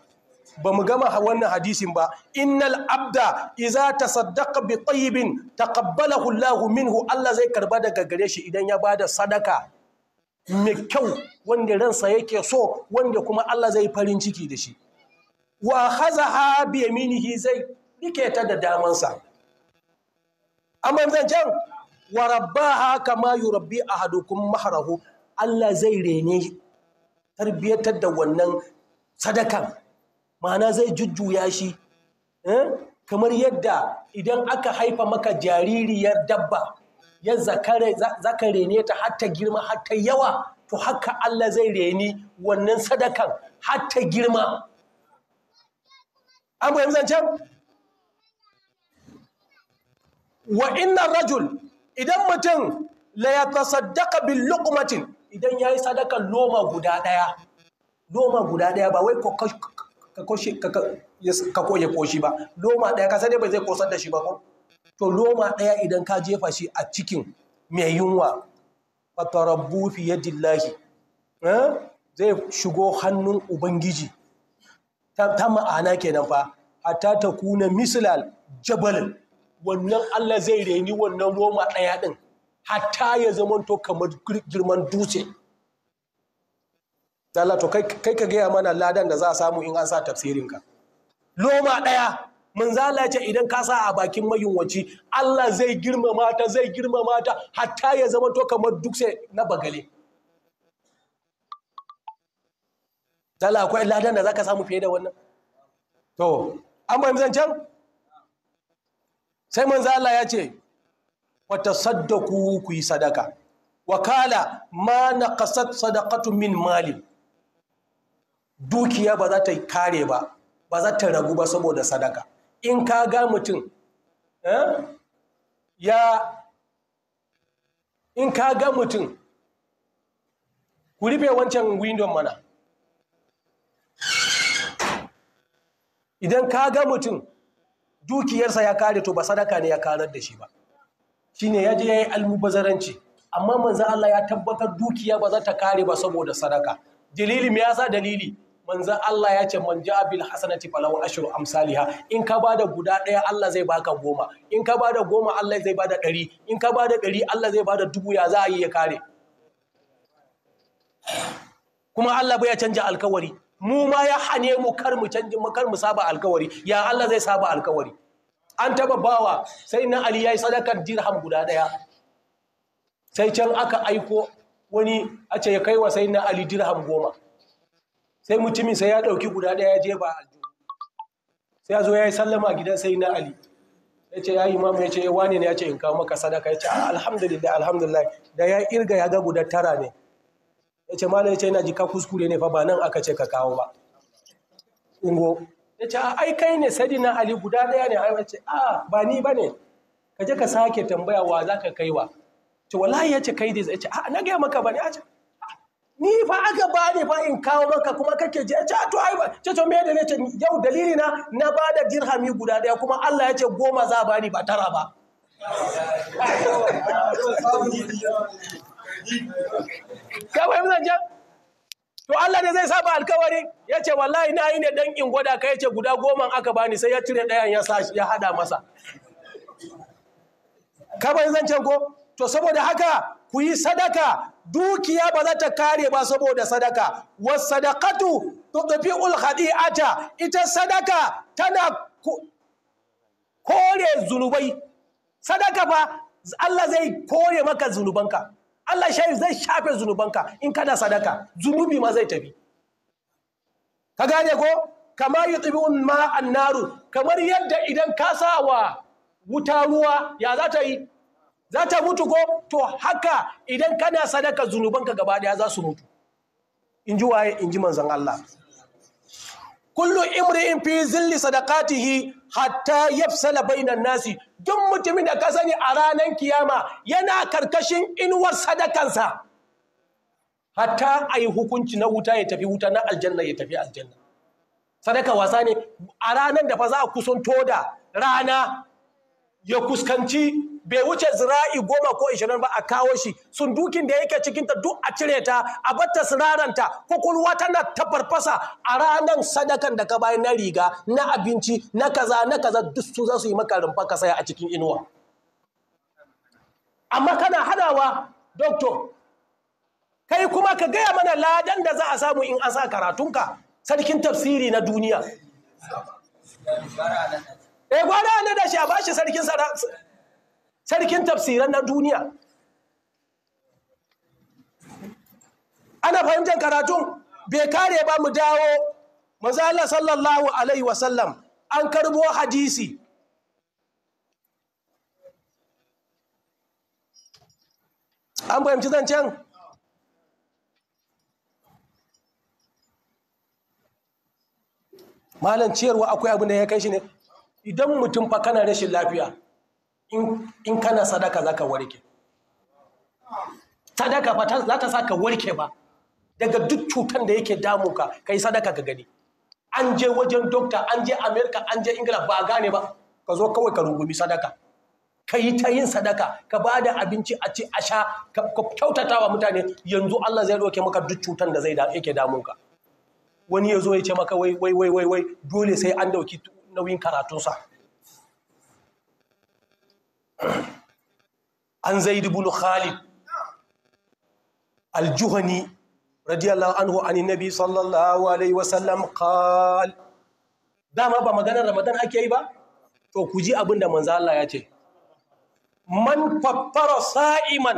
ba mu gama wannan hadisin ba innal abda iza tasaddaqa bi tayyibin taqabbalahu Allahu minhu Allah zai karba daga gare shi idan ya bada sadaka mai kyau wanda ransa yake so wanda kuma Allah zai farin ciki da shi wa khazaha bi yaminihi zai dike ta da sa. amma zan ce wa rabbaha kama yurabbi ahadukum mahrahu Allah zai rene tarbiyyatar da wannan sadakan ma'ana zai jujjuya shi eh? kamar yadda idan aka haifa maka jaririyar dabba ya zaka rene ta har girma har yawa to haka Allah zai reni wannan sadakan har girma an bayan zancen wa inna rajul idan mutum la tasaddaka bil luqmatin idan ya yi sadakan loma guda ɗaya Loma guda ɗaya ba wai ka koye koshi ba Loma ɗaya ka dai bai zai kosar da shi ba ko to loma ɗaya idan ka jefa shi a cikin mai yunwa fatarabu fiye dillahi eh, zai shigo hannun ubangiji ta ma'ana kenan fa hatta ta kuna mislal jabal wannan Allah zai reni wannan loma ɗaya ɗin hatta ya zamanto kamar girman dutse Allah to kai ka gaya mana ladan da za a samu in an sa tafsirinka loma ɗaya mun zalace idan ka sa a bakin mayunwaci Allah zai girmama ta zai girmama ta hatta ya zamanto kamar dutse na bagale Dala akwai ladan da za ka samu fiye da wannan? To, an bayan can? Sai manzo ya ce, wata saddaku ku yi sadaka wakala ma na kasar sadakatu min mali dukiya ba za ta kare ba ba za ta ragu ba saboda sadaka in ka ga mutum eh, ya in ka ga mutum ku rufe wancan windon mana idan ka ga mutum dukiyarsa ya kare to ba sadaka ne ya karar da shi ba shine ya je ya yi almubazaranci amma manzo Allah ya tabbatar dukiya ba za ta kare ba saboda sadaka dalili me yasa dalili manzo Allah ya ce man ja'a bil hasanati falahu ashru amsalha in ka bada guda daya Allah zai baka goma in ka bada goma Allah zai bada ɗari in ka bada ɗari Allah zai bada dubu ya za a yi ya kare kuma Allah bai canja alkawari mu ma ya hane mu kar mu canja mu kar mu saba alkawari ya Allah zai saba alkawari an taba bawa sai nan ali ya yi sadakar dirham guda daya sai can aka aiko wani a ce ya kai wa sai nan ali dirham goma sai mutumin sai ya ɗauki guda daya ya je ba aljihu sai ya zo ya yi sallama gidan sai nan ali ya ce ya yi imamu ya ce ya wane ne ya ce in kawo maka sadaka ya ce ah, alhamdulillah alhamdulillah da ya irga ya ga guda tara ne ya ce malam ya ce yana jika kuskure ne fa ba nan aka ce ka kawo ba ungo ya ce a aikai ne sadina ali guda ɗaya ne a ce a ba ni ba ne ka je ka sake tambaya wa za ka kai wa ce wala ya ce kai dai ya ce a na gaya maka ba ne a ce ni fa aka ba ne ba in kawo maka kuma kake je ce to aiba ce to me da ne ce yau dalili na na ba da dirhami guda ɗaya kuma Allah ya ce goma za ba ni ba tara ba ka fahimta to Allah ne zai saba alkawari ya ce wallahi na yi ne ɗan in gwada ka ya ce guda goma aka bani sai ya cire ɗayan ya haɗa masa ka yin zancen ko to saboda haka ku yi sadaka dukiya ba za ta kare ba saboda sadaka was sadaqatu tudfi'ul ata, ita sadaka tana kore zunubai sadaka fa Allah zai kore maka zunubanka Allah shayi zai shafe zunubanka in kana sadaka zunubi ma zai tafi ka gane ko kama yutibun ma annaru kamar yadda idan ka sa wa wuta ruwa ya za ta yi za ta mutu ko to haka idan kana sadaka zunubanka gaba daya za su mutu in ji waye in ji manzon Allah kullu imri'in fi zilli sadaqatihi hatta yafsala bainan nasi duk mutumin da ka sani a ranar kiyama yana karkashin inuwar sadakansa hatta ayi hukunci na wuta ya tafi wuta na aljanna ya tafi aljanna sadaka wasa ne a ranar da fa za a kusanto da rana ya kuskanci bai wuce zira'i goma ko ishirin ba a kawo shi sundukin da yake cikinta duk a cire ta a batta ta kwakwalwa tana ta farfasa a ranar sadakan da ka bayi na riga na abinci na kaza na kaza duk su za su yi maka rumfa ka saya a cikin inuwa amma kana hadawa doktor kai kuma ka gaya mana ladan da za a samu in an sa karatunka sarkin tafsiri na duniya. Eh gwada na da shi a bashi sarkin sarkin tafsiran na duniya ana fahimtar karatun bai kare ba mu dawo mazala sallallahu alaihi wasallam an karbo hadisi an fahimci zancen malam ciyarwa akwai abin da ya kai shi ne idan mutum fa kana rashin lafiya in kana sadaka za ka warke sadaka ba za ta sa ka warke ba daga duk cutan da yake damu ka yi sadaka ka gani an je wajen dokta an je amerika an je ingila ba gane ba ka zo kawai ka rungumi sadaka ka yi ta yin sadaka ka ba da abinci a ci a sha ka kyautata wa mutane yanzu allah zai ɗauke maka duk cutan da zai yake damunka wani ya zo ya ce maka wai wai wai wai dole sai an ɗauki nauyin karatunsa an zai dubulu khalid al-juhani radiyallahu anhu an nabi sallallahu alaihi wasallam qal dama ba maganar ramadan ake yi ba to ku ji abin da manzo Allah ya ce man faffara sa'iman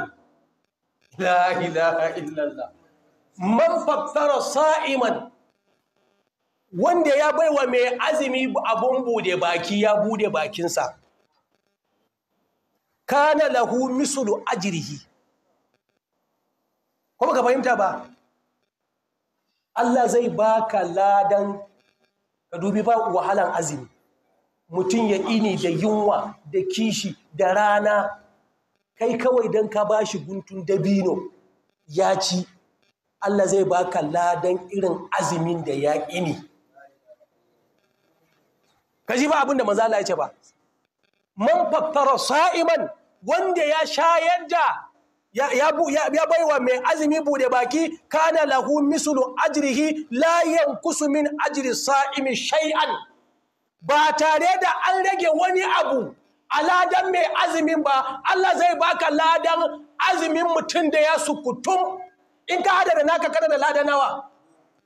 la ilaha illallah man faffara sa'iman wanda ya baiwa mai azumi abun bude baki ya bude bakinsa kana lahu misulu ajrihi ko ka fahimta ba Allah zai baka ladan ka dubi ba wahalan azumi mutum ya ini da yunwa da kishi da rana kai kawai don ka ba shi guntun dabino ya ci Allah zai baka ladan irin azumin da ya ini kaji ba abin da maza ya ce ba man fattara sa'iman wanda ya shayar da ya bai wa mai azumi bude baki kana lahu misulu ajrihi la yankusu min ajri sa'imi shay'an ba tare da an rage wani abu a ladan mai azumin ba Allah zai baka ladan azumin mutum da ya sukutum in ka hada da naka kana da ladan nawa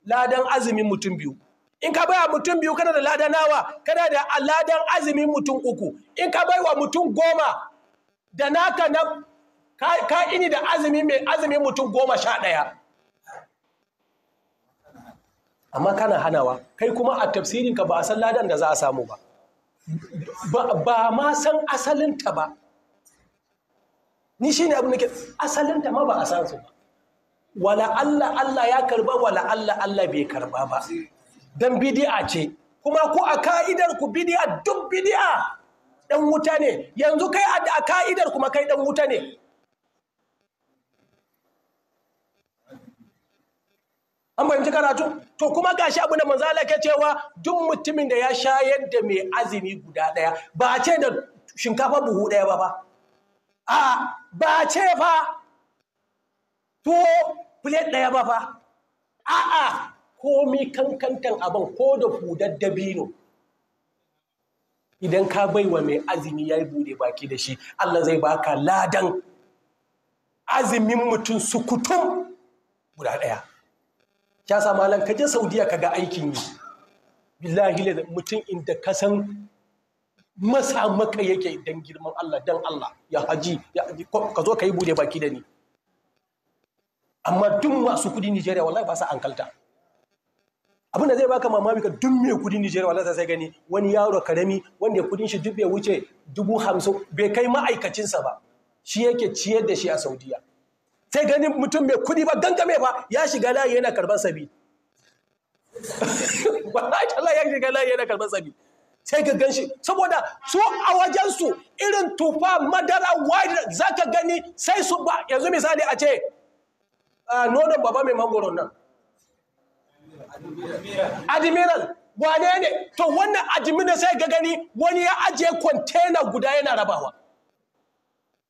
ladan azumin mutum biyu in ka wa mutum biyu kana da ladan nawa kana da ladan azumin mutum uku in ka baiwa mutum goma da naka na ka da azumi mai azumi mutum goma sha ɗaya amma kana hanawa kai kuma a tafsirinka ba a san ladan da za a samu ba ba ma san asalinta ba ni shi ne abu nake asalinta ma ba a san su ba wala Allah Allah ya karba wala Allah Allah bai karba ba don bidi'a ce kuma ku a ka'idar ku bidi'a duk bidi'a dan wuta ne yanzu kai a ka'idar kuma kai dan wuta ne an fahimci karatu to kuma gashi abu da manzo Allah ke cewa duk mutumin da ya shayar da mai azumi guda ɗaya? ba a ce da shinkafa buhu ɗaya ba ba a ba a ce fa tuwo plate daya ba fa a'a komi kankantan abin ko da hudar dabino idan ka bai wa mai azumi ya yi bude baki da shi Allah zai baka ladan azumin mutum sukutum guda ɗaya ya sa malam ka je saudiya ka ga aikin yi billahi da mutum inda ka san masa maka yake dan girman Allah dan Allah ya haji ka zo ka yi bude baki da ni amma duk masu kudi Nigeria wallahi ba sa ankalta abin da zai baka mamaki ka duk mai kudin Nijar wala sai gani wani yaro karami wanda kudin shi duk ya wuce dubu hamsin bai kai ma'aikacinsa ba shi yake ciyar da shi a Saudiya sai gani mutum mai kudi ba gangame ba ya shiga layi yana karban sabi Allah ya shiga layi yana karban sabi sai ka gan shi saboda su a wajensu irin tufa madara wide za ka gani sai su ba yanzu misali a ce ah, nonon baba mai mangoron nan admiral wane ne to wannan admiral sai ga gani wani ya ajiye kwantena guda yana rabawa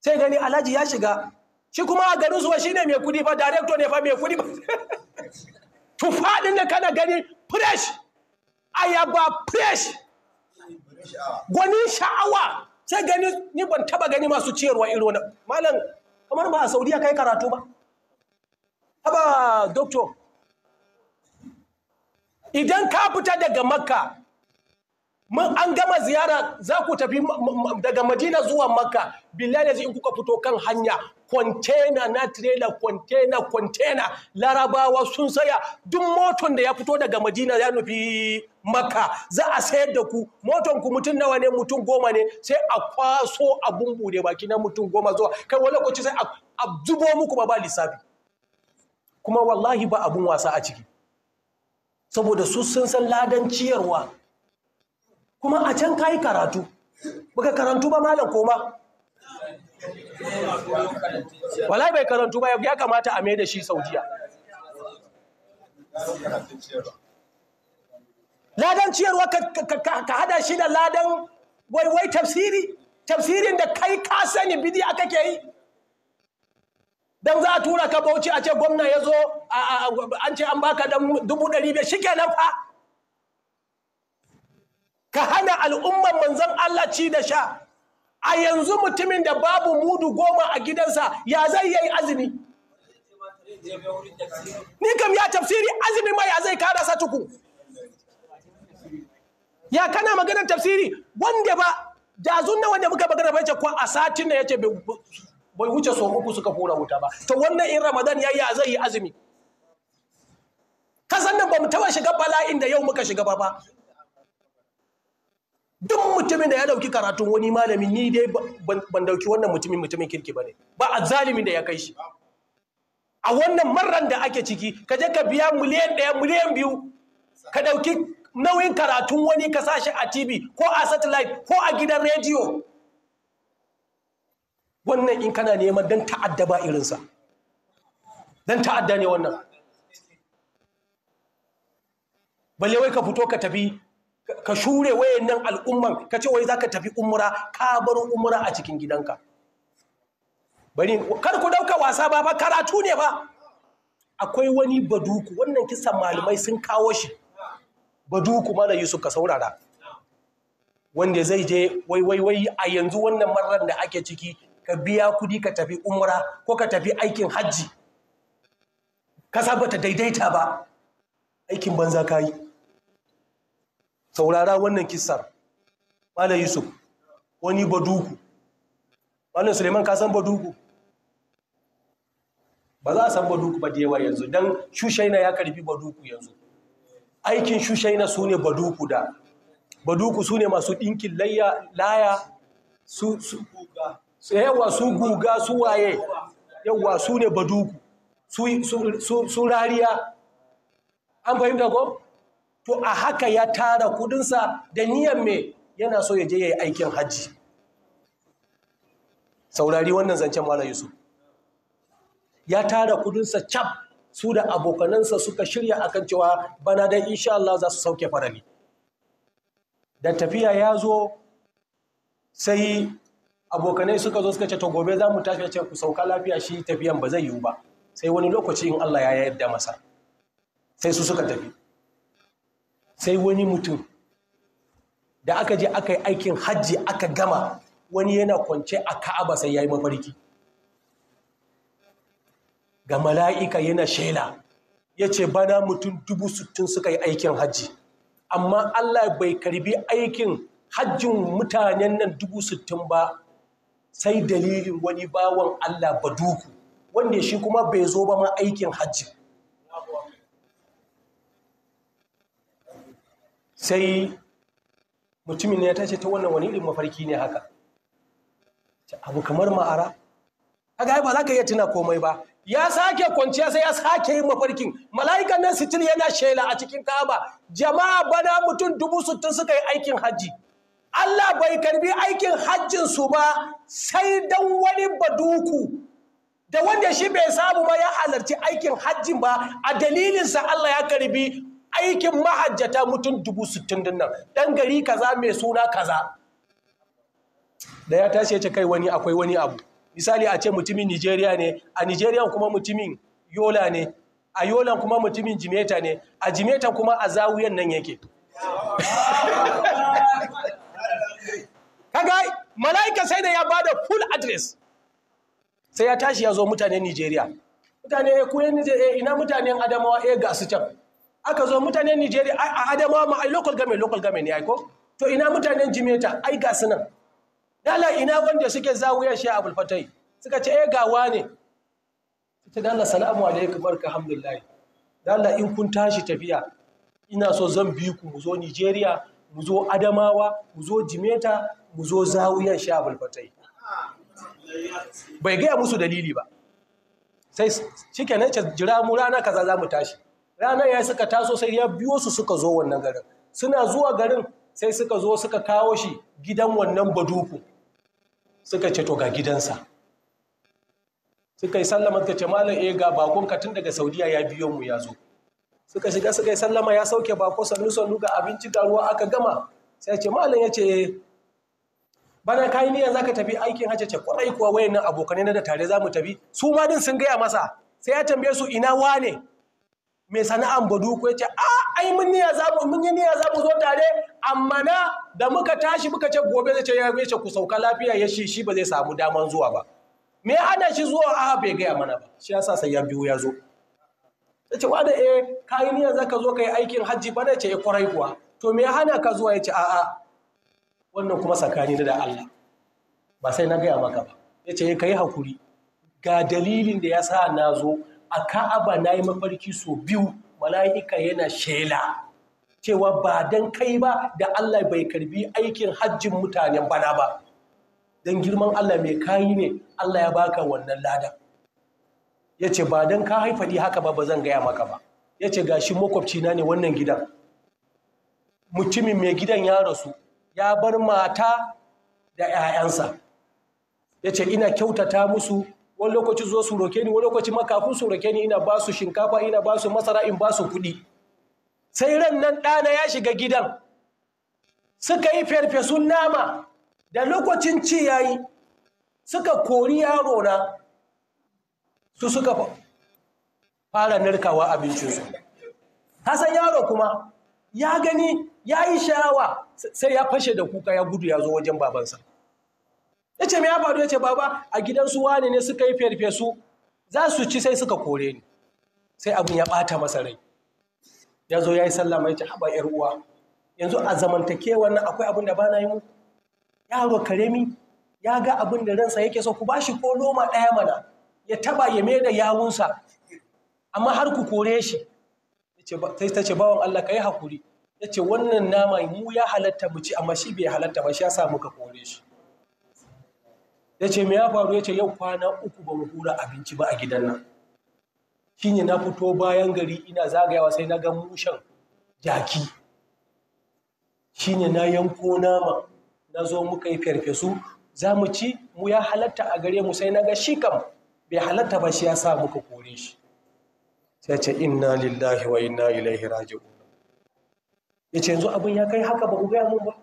sai gani alhaji ya shiga shi kuma a garin shi ne mai kudi ba director ne fa mai kudi ba tufaɗin da kana gani fresh ayaba fresh gwani sha'awa sai gani ni ban taba gani masu ciyarwa irin na. malam kamar ba a saudiya kai karatu ba haba doctor idan ka fita daga makka an gama ziyara za ku tafi daga madina zuwa makka billahi in kuka fito kan hanya kwantena na tirela kwantena kwantena larabawa sun saya duk moton da ya fito daga madina ya nufi makka za a sayar da ku moton ku mutum nawa ne mutum goma ne sai a kwaso a buɗe baki na mutum goma zuwa kai wani lokaci sai a zubo muku ba ba lissafi kuma wallahi ba abun wasa a ciki saboda su sun san ladan ciyarwa kuma a can kayi karatu baka karantu ba malam ma wala bai karantu ba ya kamata a mai da shi saudiya ladan ciyarwa ka hada shi da ladan wai tafsiri tafsirin da kai ka sani bidi aka yi dan za a tura ka bauchi a ce gwamna ya zo an ce an baka dan dubu ɗari biyar shi kenan fa ka hana al'ummar manzon Allah ci da sha a yanzu mutumin da babu mudu goma a gidansa ya zai yi azumi ni kam ya tafsiri azumi ma ya zai kara sa tuku ya kana maganar tafsiri wanda ba dazun na wanda muka magana bai ce ko a satin da yace bai wuce sau uku suka hura wuta ba to wannan in ramadan ya yi zai yi azumi kasan nan ba mu taba shiga bala'in da yau muka shiga ba ba duk mutumin da ya dauki karatun wani malami ni dai ban dauki wannan mutumin mutumin kirki bane ba a azzalimin da ya kai shi a wannan marran da ake ciki ka je ka biya miliyan ɗaya miliyan biyu ka dauki nauyin karatun wani ka sashi a TV ko a satellite ko a gidan rediyo wannan in kana neman dan ta'adda ba irinsa dan ta'adda ne wannan balle wai ka fito ka tafi ka shure wayannan al'umman ka ce wai za ka tafi umura? ka bar umura a cikin gidanka bari kar ku dauka wasa ba ba karatu ne ba akwai wani baduku wannan kisan malamai sun kawo shi baduku mana Yusuf ka saurara wanda zai je wai wai wai a yanzu wannan marar da ake ciki ka biya kudi ka tafi umura, ko ka tafi aikin hajji ka ba ta daidaita ba aikin banza ka yi saurara wannan kisar malam yusuf wani baduku malam suleiman ka san baduku ba za a san baduku ba da yawa yanzu don shushaina ya karbi baduku yanzu aikin shushaina su ne baduku da baduku su ne masu ɗinkin laya su yawa su guga su waye yawa su ne badugu su rariya an fahimta ko to a haka ya tara kudinsa da niyan me yana so ya je ya yi aikin hajji saurari wannan zancen mala yusuf ya tara kudinsa cap su da abokanansa suka shirya akan cewa bana dan insha Allah za su sauke farali da tafiya ya zo sai abokanai suka zo suka ce to gobe za mu tashi ce ku sauka lafiya shi tafiyan ba zai yiwu ba sai wani lokaci in Allah ya yarda masa sai su suka tafi sai wani mutum da aka je aka yi aikin hajji aka gama wani yana kwance a ka'aba sai ya yi mafarki ga mala'ika yana shela yace bana mutum dubu sittin suka yi aikin hajji amma Allah bai karbi aikin hajjin mutanen nan dubu sittin ba sai dalilin wani bawan Allah baduku wanda shi kuma bai zo ba ma aikin hajji sai mutumin ya tace ta wannan wani ilimin mafarki ne haka abu kamar ma'ara ya ba za ka iya tuna komai ba ya sake kwanciya sai ya sake yin mafarkin mala'ikan nan sitin yana shela a cikin kaba jama'a bana mutum dubu sittin suka yi aikin hajji Allah bai karbi aikin hajjin su ba sai dan wani baduku da wanda shi bai samu ba ya halarci aikin hajjin ba a dalilinsa Allah ya karbi aikin mahajjata mutum dubu sittin dinnan, dan gari kaza mai suna kaza da ya tashi ya ce kai wani akwai wani abu misali a ce mutumin Nigeria ne a Nigeria kuma mutumin Yola ne a Yola kuma mutumin Jimeta ne a Jimeta kuma a zawiyan nan yake kaga mala'ika sai da ya da full address sai ya tashi ya zo mutanen Nigeria mutane ku Nigeria eh, ina mutanen Adamawa eh ga su can aka zo mutanen Nigeria a Adamawa ma ai local government local government ne yi, ko to ina mutanen Jimeta ai ga su nan dala ina wanda suke zawiyar shi a bulfatai suka ce eh gawa ne ta dala salamu alaikum barka alhamdulillah dala in kun tashi tafiya ina so zan bi ku mu zo Nigeria mu zo adamawa mu zo jimeta mu zo zawuyan sha bulfatai bai gaya musu dalili ba sai cike ne jira mu rana kaza za mu tashi ranar ya suka taso sai ya biyo su suka zo wannan garin suna zuwa garin sai suka zo suka kawo shi gidan wannan baduku suka ce to ga gidansa suka yi sallama ga ce malam eh, bakon katun daga saudiya ya biyo mu ya zo suka shiga suka yi sallama ya sauke bako sannu sannu ga abinci ga ruwa aka gama sai ce malam ya ce bana kayi niyan zaka tafi aikin hajji ce kwarai kuwa wayannan abokanai na da tare za tafi su ma din sun gaya masa sai ya tambaye su ina wane mai sana'an baduku ya ce a ai mun niyya za mun yi niyya za zo tare amma na da muka tashi muka ce gobe zai ce ya ce ku sauka lafiya ya shi shi ba zai samu daman zuwa ba me ana shi zuwa a bai gaya mana ba shi yasa sai ya biyu ya zo ya ce wada e eh, ka niyan zaka zo ka yi aikin hajji ba da ce ya eh, kwarai kuwa to me ya hana ka zuwa ya ce a'a wannan kuma tsakani da Allah ba sai na gaya maka ba ya ce eh, ka yi hakuri ga dalilin da ya sa na zo a ka'aba na yi mafarki so biyu mala'ika yana shela cewa ba dan kai ba da Allah bai karbi aikin hajjin mutanen bana ba dan girman Allah mai kayi ne Allah ya baka wannan ladan ya ce ba don ka haifa ni haka ba ba zan gaya maka ba ya ce gashi makwabcina ne wannan gidan mutumin mai gidan ya rasu ya bar mata da 'ya'yansa ya ce ina kyautata musu wani lokaci zo su roke ni wani lokaci makafin su roke ni ina ba su shinkafa ina ba su masara in ba su kuɗi sai ran nan ɗana ya shiga gidan suka yi ferfesun nama da lokacin ciyayi suka kori yaro na su suka fara narkawa abincinsu Hassan yaro kuma ya gani ya yi sha'awa sai ya fashe da kuka ya gudu ya zo wajen babansa ya ce ya faru ya ce baba a gidansu wani ne suka yi su? za su ci sai suka kore ni sai abin ya ɓata masa rai ya zo ya yi sallama ya ce haɓa ‘yar uwa yanzu a zamantake wannan akwai abin da ba na yi mu yaro karemi ya ga abin da ransa yake so ku ba shi ko noma ɗaya mana ya taba ya mai da yawunsa amma har ku kore shi ta ce bawan Allah ka yi hakuri ya ce wannan nama mu ya halatta mu ci amma shi bai halatta ba shi ya sa ka kore shi ya ce me ya faru ya ce yau kwana uku ba mu hura abinci ba a gidan nan Shi ne na fito bayan gari ina zagayawa sai na ga mushen jaki Shi ne na yanko nama na zo muka yi fyarfesu za mu ci mu ya halatta a gare mu sai na ga shi kam bai halatta ba shi ya sa muka kore shi sai ce inna lillahi wa inna ilaihi raji'un ya ce yanzu abin ya kai haka ba ku gaya mun ba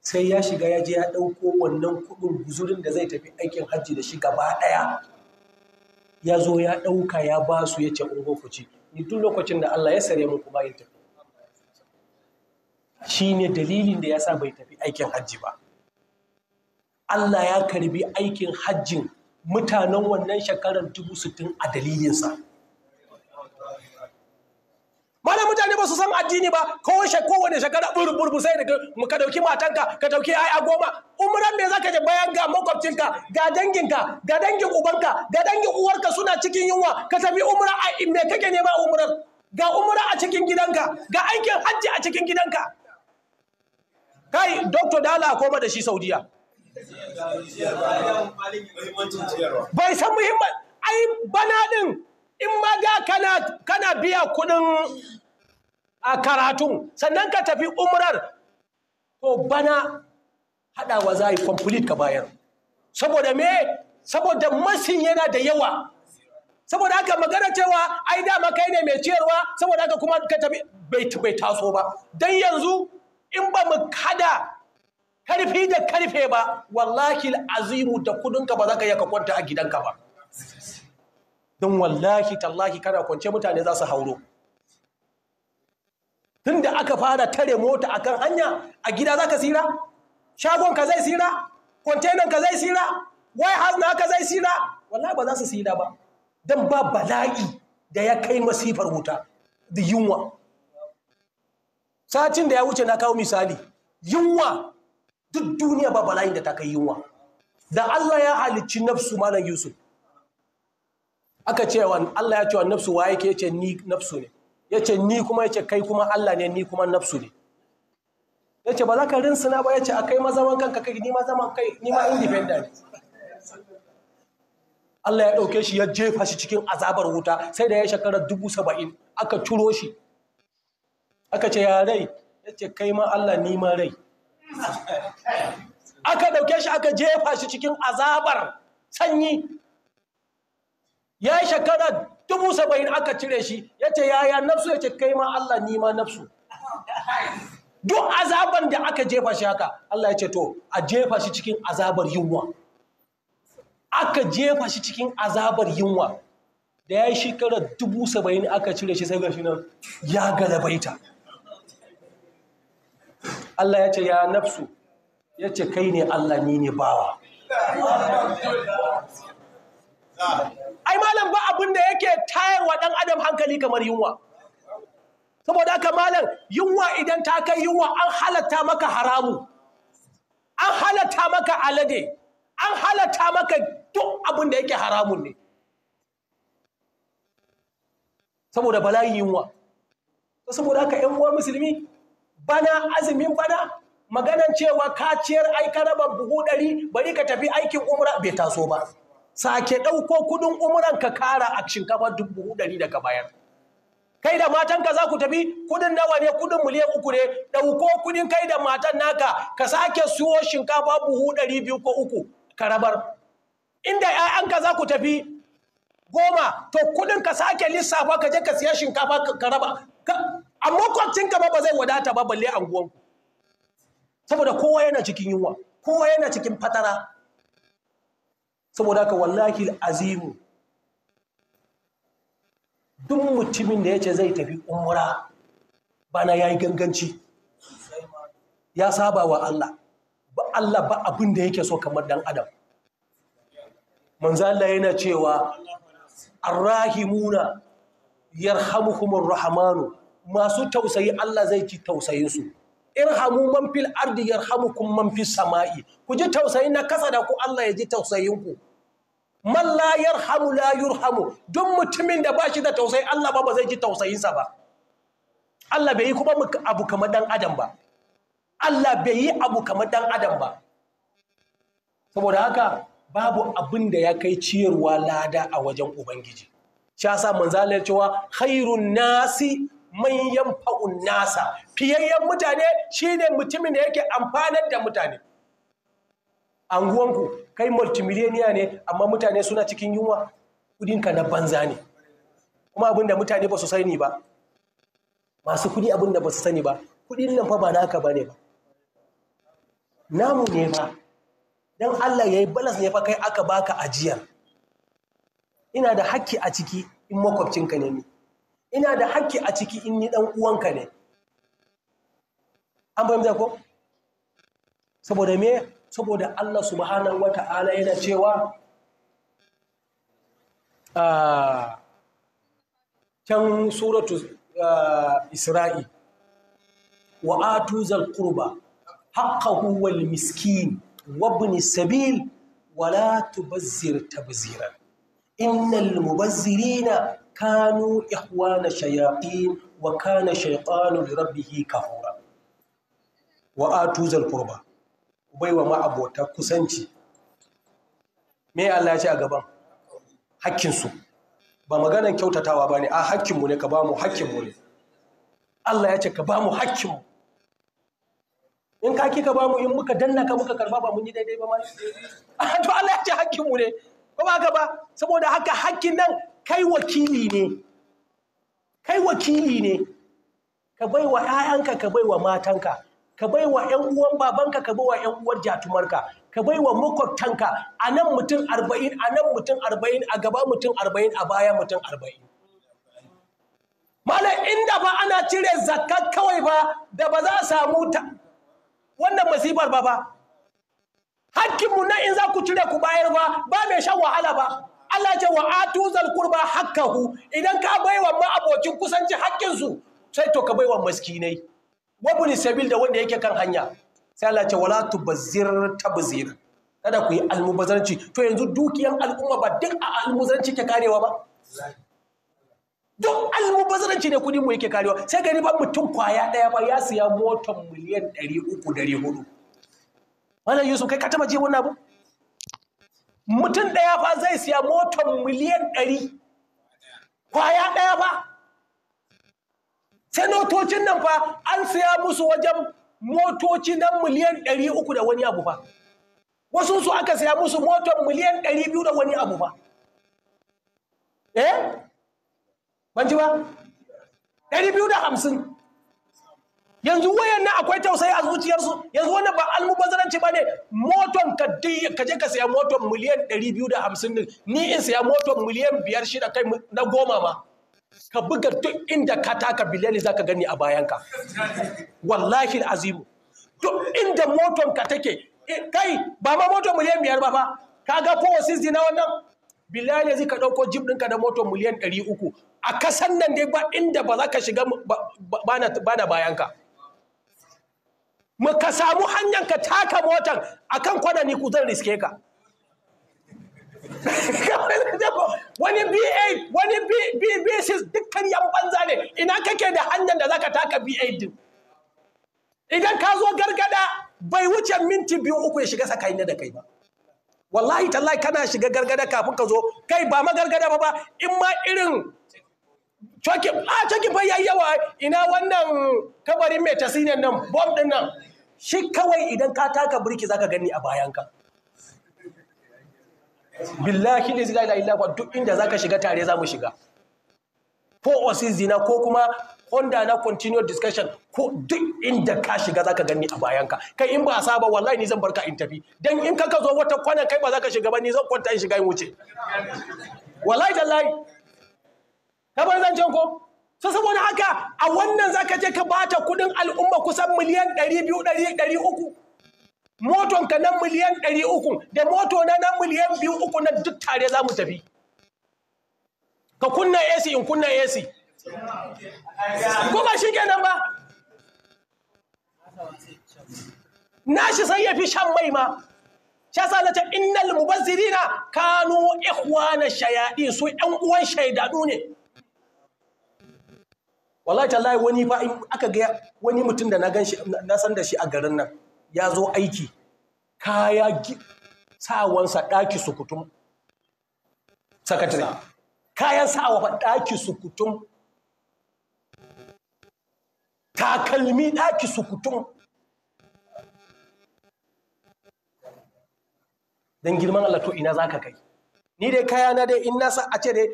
sai ya shiga ya je ya ɗauko wannan kuɗin guzurin da zai tafi aikin hajji da shi gaba ɗaya ya zo ya ɗauka ya ba su ya ce ungo ku ci ni duk lokacin da Allah ya sare muku ba in tafi shi ne dalilin da ya sa bai tafi aikin hajji ba Allah ya karbi aikin hajjin mutanen wannan shekarar dubu sittin a dalilinsa malam mutane ba su san addini ba kowace kowane shekara burburbu sai da ka dauki matanka ka dauki ai goma umran me zaka je bayan ga makwabcinka ga danginka ga dangin ubanka ga dangin uwarka suna cikin yunwa ka tafi umra a me kake nema umrar ga umra a cikin gidanka ga aikin hajji a cikin gidanka kai Dr. dala koma da shi saudiya bai san muhimman ai bana din in ma da kana kana biya kuɗin a karatun sannan ka tafi umrar to bana hadawa zai complete ka bayar saboda me saboda masin yana da yawa saboda haka magana cewa ai da kai ne mai ciyarwa saboda haka kuma ka tafi bai taso ba dan yanzu in ba mu kada karfi da karfe ba wallahi azimu da kudinka ba za ka yi ka kwanta a gidanka ba don wallahi tallahi kana kwance mutane za su hauro tun da aka fara tare mota a kan hanya a gida za ka sira shagonka zai sira kwantenanka zai sira wai hasna ka zai sira wallahi ba za su sira ba don ba bala'i da ya kai masifar wuta da yunwa satin da ya wuce na kawo misali yunwa duk duniya ba bala'in da ta kai yunwa da Allah ya halicci nafsu malam Yusuf aka ce wa Allah ya ce wa nafsu wa yake yace ni nafsu ne yace ni kuma yace kai kuma Allah ne ni kuma nafsu ne yace ba za ka rinsuna ba yace akai mazaman kanka kai ni ma zaman kai ni ma independent Allah ya ɗauke shi ya jefa shi cikin azabar wuta sai da ya shekarar dubu saba'in aka turo shi aka ce ya rai ya ce kai ma Allah ni ma rai aka ɗauke shi aka jefa shi cikin azabar sanyi ya yi shekara dubu saba'in aka cire shi ya ce yaya nafsu ya ce kai ma Allah ni ma nafsu duk azabar da aka jefa shi haka Allah ya ce to a jefa shi cikin azabar yunwa aka jefa shi cikin azabar yunwa da ya yi shekara dubu saba'in aka cire shi sai gashi nan ya galabaita Allah ya ce ya nafsu ya ce kai ne Allah ni ne bawa ai malam ba abin da yake tayarwa ɗan adam hankali kamar yunwa saboda haka malam yunwa idan ta kai yunwa an halatta maka haramu an halatta maka alade an halatta maka duk abin da yake haramun ne saboda bala'in yunwa saboda haka ‘yan musulmi bana azumin bana maganan cewa ka ciyar ai ka raba buhu ɗari bari ka tafi aikin umra bai taso ba sake ɗauko kuɗin umran ka kara a shinkafa duk buhu ɗari da ka bayar kai da matanka za ku tafi kuɗin nawa ne kuɗin miliyan uku ne ɗauko kudin kai da matan naka ka sake siyo shinkafa buhu ɗari biyu ko uku ka rabar inda ‘ya'yanka za ku tafi goma to kudin ka sake lissafa ka je ka siya shinkafa ka raba amma makwabcinka ba ba zai wadata ba balle anguwanku saboda kowa yana cikin yunwa kowa yana cikin fatara saboda ka wallahi azimu duk mutumin da ya ce zai tafi umura, bana ya yi ganganci ya saba wa Allah ba Allah ba abin da yake so kamar dan adam manzo Allah yana cewa arrahimuna yarhamuhumur rahmanu masu tausayi Allah zai ci tausayin su irhamu man fil ardi yarhamukum man fis sama'i ku ji tausayi na kasa da ku Allah ya ji tausayin ku man la yarhamu la yurhamu duk mutumin da bashi da tausayi Allah ba ba zai ji tausayinsa ba Allah bai yi kuma abu kamar dan adam ba Allah bai yi abu kamar dan adam ba saboda haka babu abin da ya kai ciyarwa lada a wajen ubangiji shi yasa manzalar cewa khairun nasi Manyan fa’un nasa fiyayyen mutane shi ne mutumin da yake amfanar da mutane anguwanku kai multimillionaire ne amma mutane suna cikin yunwa kudinka na banza ne kuma abinda mutane ba su sani ba masu kudi abinda ba su sani ba kudin nan fa ba naka ba ne ba namu ne ba don Allah ya yi balas ne fa kai aka baka ajiyar ina da haƙƙi a ciki in makwabcinka ne ni ina da hakki a ciki in ni dan uwanka ne an fahimta ko saboda me saboda Allah subhanahu ta'ala yana cewa a ah, can suratu ah, isra'i wa atu zal qurba haqqahu wal miskin wabni sabil wala تبذر تبذيرا innal المبذرين kanu ihwana shayatin wa kana shaytanu li rabbihi kafura wa atu zal qurba baiwa ma abota kusanci me Allah ya ce a gaban hakkin su ba maganan kyautatawa bane a hakkin mu ne ka ba mu hakkin mu ne Allah ya ce ka ba mu hakkin mu in ka kika ka ba mu in muka danna ka muka karba ba mun yi daidai ba ma to Allah ya ce hakkin mu ne Ko ba ka ba saboda haka hakkin nan kai wakili ne kai wakili ne ka bai wa 'ya'yanka ka bai wa matanka ka bai wa 'yan uwan babanka ka bai wa 'yan jatumarka ka bai wa makwabtanka a nan mutum arba'in a nan mutum arba'in a gaba mutum arba'in a baya mutum arba'in malam inda ba ana cire zakka kawai ba da ba za a samu ta wannan masibar ba ba hakkinmu na in za ku cire ku bayar ba ba mai shan wahala ba Allah ce wa atuzal kurba hakkahu idan ka baiwa ma kusanci hakkinsu sai to ka baiwa maskinai wabuni sabil da wanda yake kan hanya sai Allah ce wala tubazir tabzir kada ku yi almubazarci to yanzu dukiyan al'umma ba duk a almubazarci ke karewa ba duk almubazarci ne kudin mu yake karewa sai gari ba mutum kwaya daya ba ya siya motar miliyan 300 400 Malam Yusuf kai ka taba je wannan abu mutum ɗaya fa zai siya motar miliyan ɗari kwaya ɗaya fa senatocin nan fa an siya musu wajen motoci na miliyan ɗari uku da wani abu fa wasu su aka siya musu motar miliyan ɗari biyu da wani abu fa eh ban ji ba ɗari biyu da hamsin yanzu wayan nan akwai tausayi a zuciyarsu yanzu wannan ba almubazzaranci ba ne moton ka ka je ka saya moton miliyan 250 din ni in saya moton miliyan 5 shida kai na goma ma ka buga duk inda ka taka za ka gani a bayanka wallahi azimu duk inda moton ka take eh, kai ba ma moton miliyan 5 ba fa Ka kaga 460 na wannan Bilal zai ka ɗauko jib ɗinka da moton miliyan 300 a kasan nan dai ba inda ba za ka shiga ba na bayanka ka samu hanyar ka taka motan akan kwanani ku zan riske ka wani b8 wani b6 dukkan yan banza ne ina kake da hanyar da zaka taka b8 din idan ka zo gargada bai wuce minti biyu uku ya shiga sakai ne da kai ba wallahi tallahi kana shiga gargada kafin ka zo kai ba ma gargada ba ba in ma irin Chokin, ah, chokin bai yayyawa ina wannan kabarin mai tasirin nan bom din nan shi kawai idan ka taka birki zaka gani a bayanka billahi ne zila ila kwa duk inda zaka shiga tare za mu shiga ko osis zina ko kuma honda na continued discussion ko duk inda ka shiga zaka gani a bayanka kai in ba a saba wallahi ni zan barka in tafi dan in ka zo wata kwanan kai ba zaka shiga ba ni zan kwanta in shiga in wuce wallahi tallahi ka bar zan ko sai saboda haka a wannan za ka je ka bata kudin al'umma kusan miliyan 200 300 moton ka nan miliyan 300 da moto na nan miliyan 200 na duk tare za mu tafi ka kunna AC in kunna AC kuma shi kenan ba Na shi sai ya fi shan mai ma sha yasa na ce innal mubazzirina kanu ikhwana shayadin su ƴan uwan shaidadu ne wallahi tallahi wani fa in aka ga wani mutum da na gan shi na san da shi a garin nan ya zo aiki kaya sawansa ɗaki sukutum sakatare kayan sawa fa ɗaki sukutum takalmi ɗaki sukutum don girman Allah to ina za ka kai ni dai kaya na dai in na sa a ce dai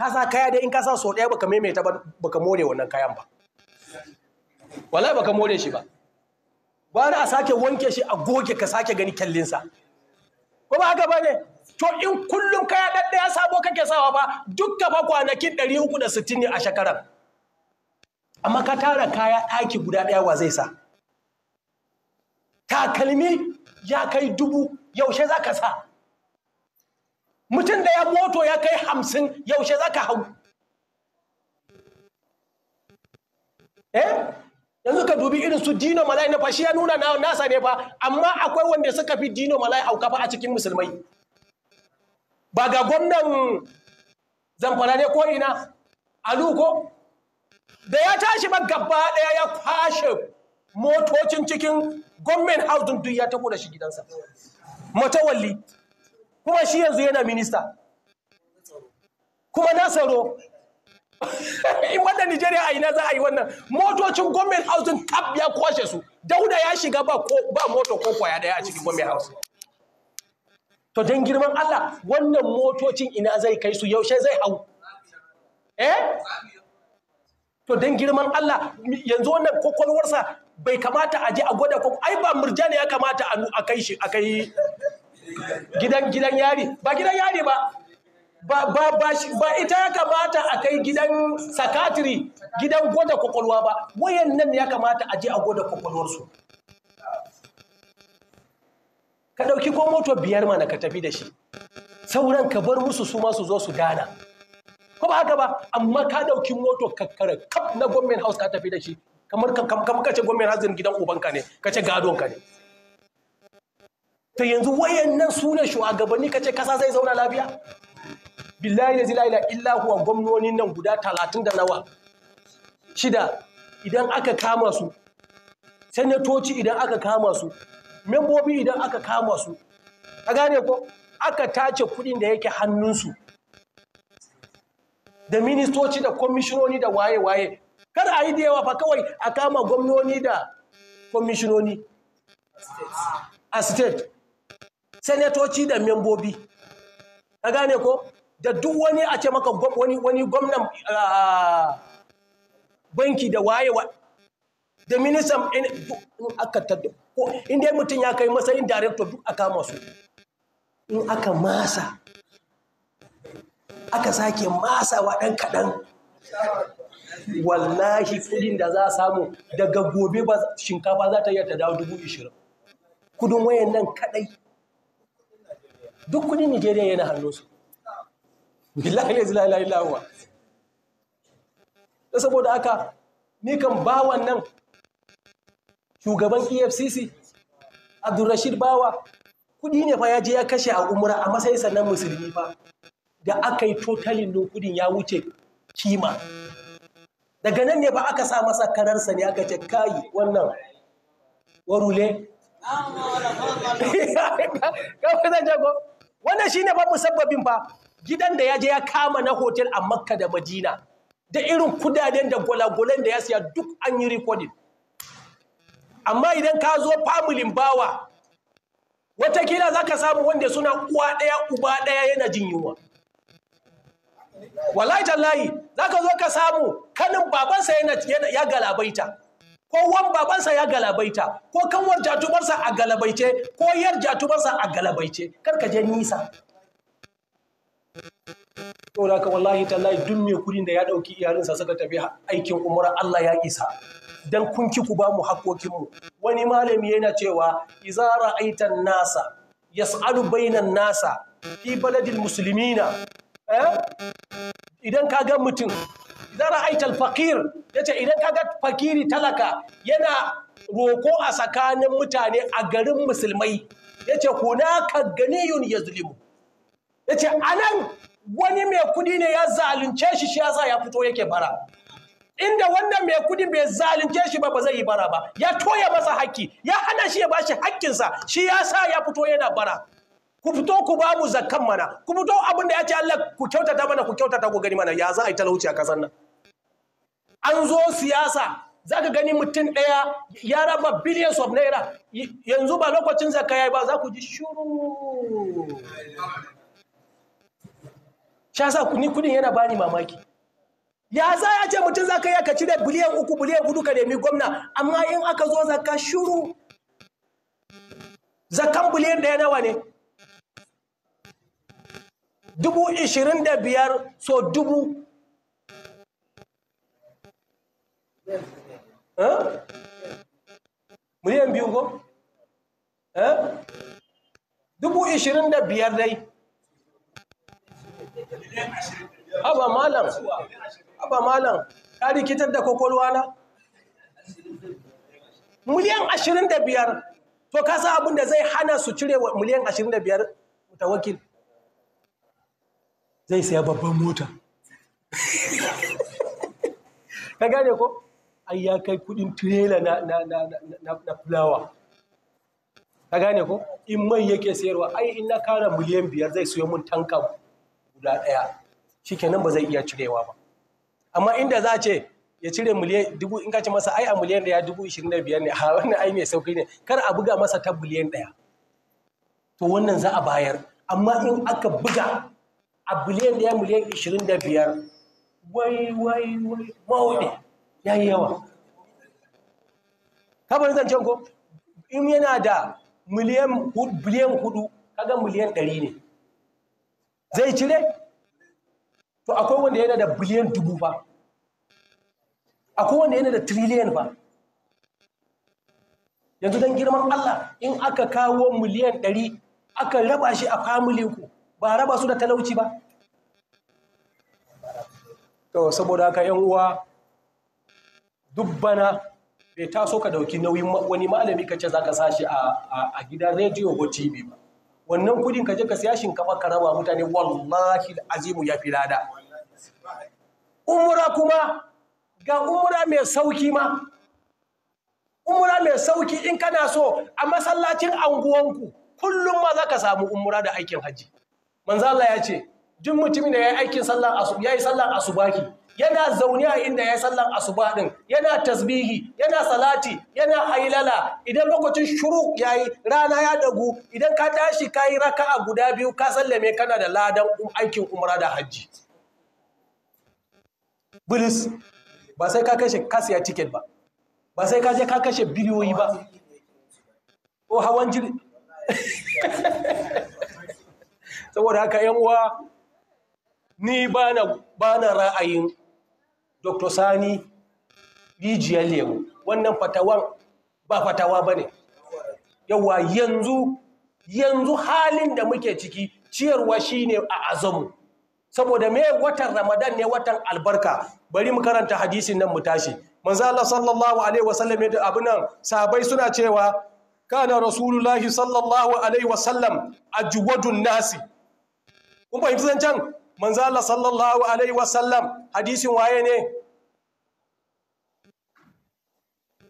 ka sa kaya dai in ka sa so ɗaya baka maimaita ba baka more wannan kayan ba wallahi baka more shi ba bari a sake wanke shi a goge ka sake gani kyallinsa ko ba haka bane to in kullum kaya ɗaɗɗaya sabo kake sawa ba dukka ba kwanakin 360 ne a shekarar amma ka tara kaya ɗaki guda ɗaya wa zai sa takalmi ya kai dubu yaushe za ka sa mutum da ya moto ya kai hamsin yaushe za ka hau eh yanzu ka dubi irin su dino malai na fashi ya nuna nasa ne ba. amma akwai wanda suka fi dino malai hauka fa a cikin musulmai ba ga gwamnan zamfara ne ko ina ko da ya tashi ba gaba daya ya kwashe motocin cikin gwamnan house duk ya tafi da shi gidansa matawalli kuma shi yanzu yana minista kuma nasaro in wannan Nigeria a ina za a yi wannan motocin gomen hausin kab ya kwashe su dauda ya shiga ba moto ko kwaya daya a cikin gomen hausin. to don girman Allah wannan motocin ina zai kai su yaushe zai hau eh to don girman Allah yanzu wannan kwakwalwarsa bai kamata a je a gwada ko ai ba murjani ya kamata a kai shi a kai gidan gidan yari ba gidan yari ba ba ba ita ya kamata a kai gidan sakatiri gidan gwada kwakwalwa ba wayan nan ya kamata a je a gwada kwakwalwarsu ka ɗauki ko moto biyar mana ka tafi da shi sauran ka bar musu su ma su zo su dana ko ba haka ba amma ka ɗauki moto kakkara kaf na gwamnan house ka tafi da shi kamar ka ce gwamnan house gidan ubanka ne ka ce ka ne ta yanzu wayannan sunan shugabanni kace kasa zai zauna lafiya billahi la ilaha illa huwa gwamnonin nan guda talatin da nawa shida idan aka kama su Senatoci, idan aka kama su membobi idan aka kama su ka gane ko aka tace kudin da yake hannunsu da ministoci da kwamishinoni da waye-waye kar a yi da yawa fa kawai a kama gwamnoni da kwamishinoni a state sanatoci da membobi ka gane ko da duk wani a ce maka wani gwamnan ah, banki da waye da ministan in aka ta ko inda mutum ya kai matsayin director duk aka masu in aka masa aka sake masa waɗan kaɗan wallahi kudin da za samu daga gobe ba shinkafa za ta yi ta dawo dubu kudin wayan nan kaɗai duk kudin nigeria yana hannunsu billahi ne zila ilayi da saboda aka, ni kan ba wannan shugaban efcc abdulrashid bawa kudi ne fa ya je ya kashe a umura a matsayin sannan musulmi fa da aka yi totalin nukudin kudin ya wuce kima daga nan ne ba aka sa masa kararsa ne aka ce kayi wannan warule kawai zan jago wannan shi shine babu musabbabin ba gidan da ya je ya kama na hotel a Makka da Madina da irin kudaden da gwalagwalen da ya siya duk an yi recording amma idan ka zo familin bawa watakila za ka samu wanda suna uwa ɗaya uba ɗaya yana jin yunwa wallahi tallahi za ka zo ka samu kanin babansa yana ya galabaita ko wan babansa ya galabaita ko kanwar jatubarsa a galabaice ko yar jatubarsa a galabaice kar ka je nisa to da wallahi tallahi duk mai kudin da ya dauki iyalinsa suka tafi aikin umra Allah ya isa dan kun ki ku ba mu mu wani malami yana cewa iza ra'aitan nasa yas'alu bainan nasa fi baladil muslimina eh idan ka ga mutum idara aital fakir ya ce idan kaga fakiri talaka yana roko a tsakanin mutane a garin musulmai ya ce kuna ka ganiyun ya zulimu ya ce a wani mai kudi ne ya zalunce shi shi yasa ya fito yake bara inda wannan mai kudi bai zalunce shi ba ba zai yi bara ba ya toya masa haƙƙi ya hana shi ya bashi haƙƙinsa shi yasa ya fito yana bara ku fito ku ba mu zakkan mana ku fito abin da ya ce Allah ku kyautata mana ku kyautata ku gani mana ya za a yi talauci a kasar nan an zo siyasa za ka gani mutum ɗaya ya raba billions of naira yanzu ba lokacin zaka yayi ba za ku ji shuru shasa sa ni kudin yana bani mamaki ya za ya ce mutum zaka yi ka cire biliyan uku biliyan hudu ka nemi gwamna amma in aka zo zaka shuru zakan biliyan ɗaya nawa ne dubu ishirin da biyar so dubu miliyan biyu ko? dubu ishirin da biyar dai Aba malam Aba malam ka rikitar da kokolwa na miliyan ashirin da biyar to ka sa abin da zai hana su cire miliyan ashirin da biyar mutawakil zai saya babban mota ka gane ko? ai ya kai kudin tirela na na na na na fulawa ka gane ko in mai yake sayarwa ai in na kara miliyan biyar zai siyo mun tanka guda daya shikenan ba zai iya cirewa ba amma inda za ce ya cire miliyan dubu in ka ce masa ai a miliyan daya dubu ishirin da biyar ne a wannan ai mai sauki ne kar a buga masa ta miliyan daya to wannan za a bayar amma in aka buga a biliyan daya miliyan ishirin da biyar wai wai wai mawuɗe ya yi yawa zan zancen ko in yana da miliyan hudu kaga miliyan ɗari ne zai cire to akwai wanda yana da biliyan dubu ba akwai wanda yana da triliyan ba yanzu don girman Allah in aka kawo miliyan ɗari aka raba shi a familinku ba raba su da talauci ba to saboda haka yan uwa duk bana bai taso ka dauki nauyin wani malami ka ce za ka sashi a gidan rediyo ko tv ba wannan kudin ka je ka siya shinkafa ka raba mutane wallahi azimu ya fi lada umura kuma ga umura mai sauki ma umura mai sauki in kana so a masallacin anguwanku kullum ma za ka samu umura da aikin hajji manzala ya ce duk mutumin da ya yi aikin sallah ya yi sallar asubaki yana zaune a inda ya sallan asuba din yana tasbihi yana salati yana hailala idan lokacin shuru yayi rana ya dagu idan ka tashi kayi raka'a guda biyu ka sallame kana da ladan um, aikin umra da hajji bilis ba sai ka kashe kasiya ticket ba ba sai ka je ka kashe biliyoyi ba ko hawan jiri saboda haka yan uwa ni bana bana ra'ayin dr sani rijiyar lemu wannan fatawan ba fatawa ba ne yawa yanzu yanzu halin da muke ciki ciyarwa shine a azamu saboda me watan ramadan ne watan albarka bari mu karanta hadisin nan mu tashi manzo Allah sallallahu alaihi wasallam da abin nan sahabbai suna cewa kana rasulullahi sallallahu alaihi wasallam ajwadun nasi kun fahimci can? manzo Allah sallallahu alaihi wasallam hadisin waye ne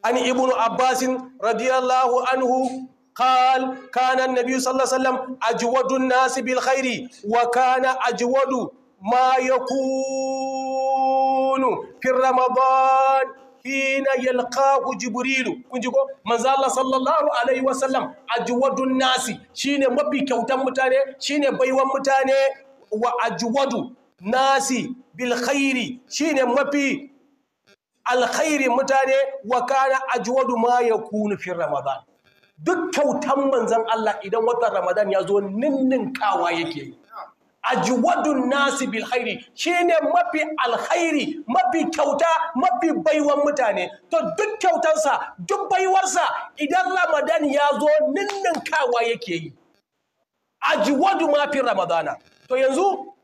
ani ibnu abbas radiyallahu anhu qal kana an-nabiy sallallahu alaihi wasallam ajwadu an-nas bil khairi wa kana ajwadu ma yakunu fi ramadan fina yalqahu jibril kunjigo manzo Allah alaihi wasallam ajwadu an-nas shine mafi kyautan mutane shine baiwan mutane wa ajwadu nasi bil khairi shine mafi alkhairi mutane wa kana ajwadu ma yakunu fi ramadan duk kyautan manzon Allah idan watan ramadan ya zo ninninkawa yake yi Ajiwadu nasi bil khairi shine mafi alkhairi mafi kyauta mafi baiwan mutane to duk sa duk baiwarsa idan ramadan ya zo ninninkawa yake yi ajwadu ma fi ramadana to yanzu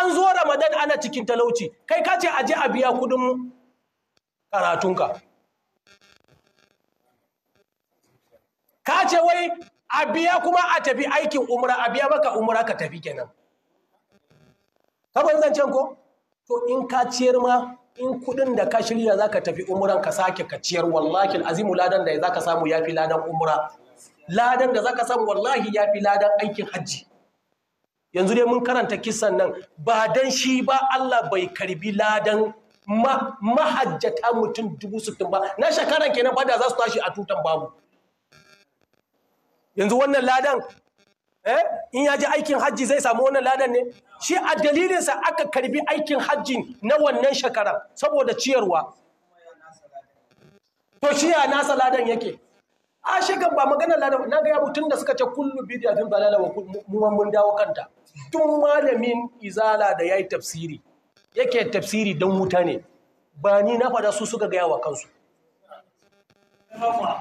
an zo ramadan ana cikin talauci kai ka ce aje a biya kudin karatunka ka ce wai a biya kuma a tafi aikin umra a biya maka umra ka tafi kenan zan zancen ko to in ka ciyar ma in kudin da ka shirya zaka tafi umran ka sake ka ciyar wallahi azimu ladan da zaka samu yafi ladan umra ladan da zaka samu wallahi yafi ladan aikin hajji yanzu dai mun karanta kisan nan ba dan shi ba Allah bai karbi ladan mahajjata mutum dubu sittin ba na shekaran kenan fada za su tashi a tutan babu yanzu wannan ladan eh in ya ji aikin hajji zai samu wannan ladan ne shi a dalilinsa aka karbi aikin hajji na wannan shekaran saboda ciyarwa to shi ya nasa ladan yake a shekan ba magana lada na ga yabu tun da suka ce kullu bidiyatin dalala wa mu mun dawo kanta tun malamin izala da yayi tafsiri yake tafsiri dan wuta ne ba ni na fada su suka gaya wa kansu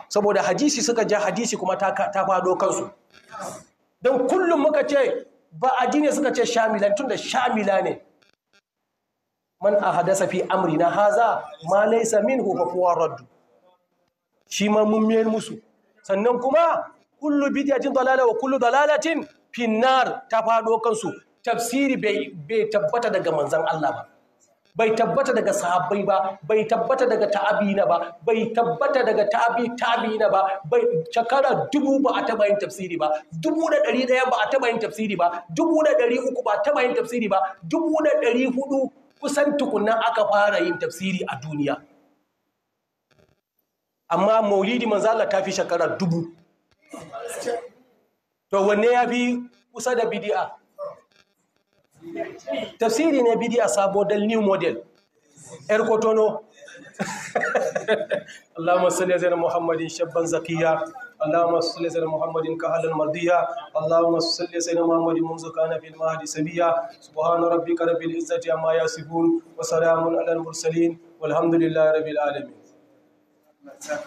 saboda hadisi suka ja hadisi kuma ta fado kansu don kullum muka ce ba addini suka ce shamilan tun da shamila ne man a fi amri haza ma minhu fa huwa raddu shi ma mun miyar musu sannan kuma kullu bidiyatin dalala wa kullu dalalatin finnar ta fado kansu tafsiri bai tabbata daga manzan Allah ba bai tabbata daga sahabbai ba bai tabbata daga ta'abina ba bai tabbata daga tabi ta'abina ba bai shekara dubu ba a taba yin tafsiri ba dubu da ɗari ɗaya ba a taba yin tafsiri ba dubu da ɗari uku ba a taba yin tafsiri ba dubu da ɗari hudu kusan tukunan aka fara yin tafsiri a duniya amma maulidi manzala ta fi shakara dubu to wanne ya fi kusa da bidi'a tafsiri ne bidi'a sabo del new model er kotono allama salli zai na muhammadin shabban zakiya اللهم صل على محمد كهل المرضيه اللهم صل على محمد منزكانا في المهدي سبيا سبحان ربك رب العزه عما يصفون وسلام على المرسلين والحمد لله رب العالمين 买菜。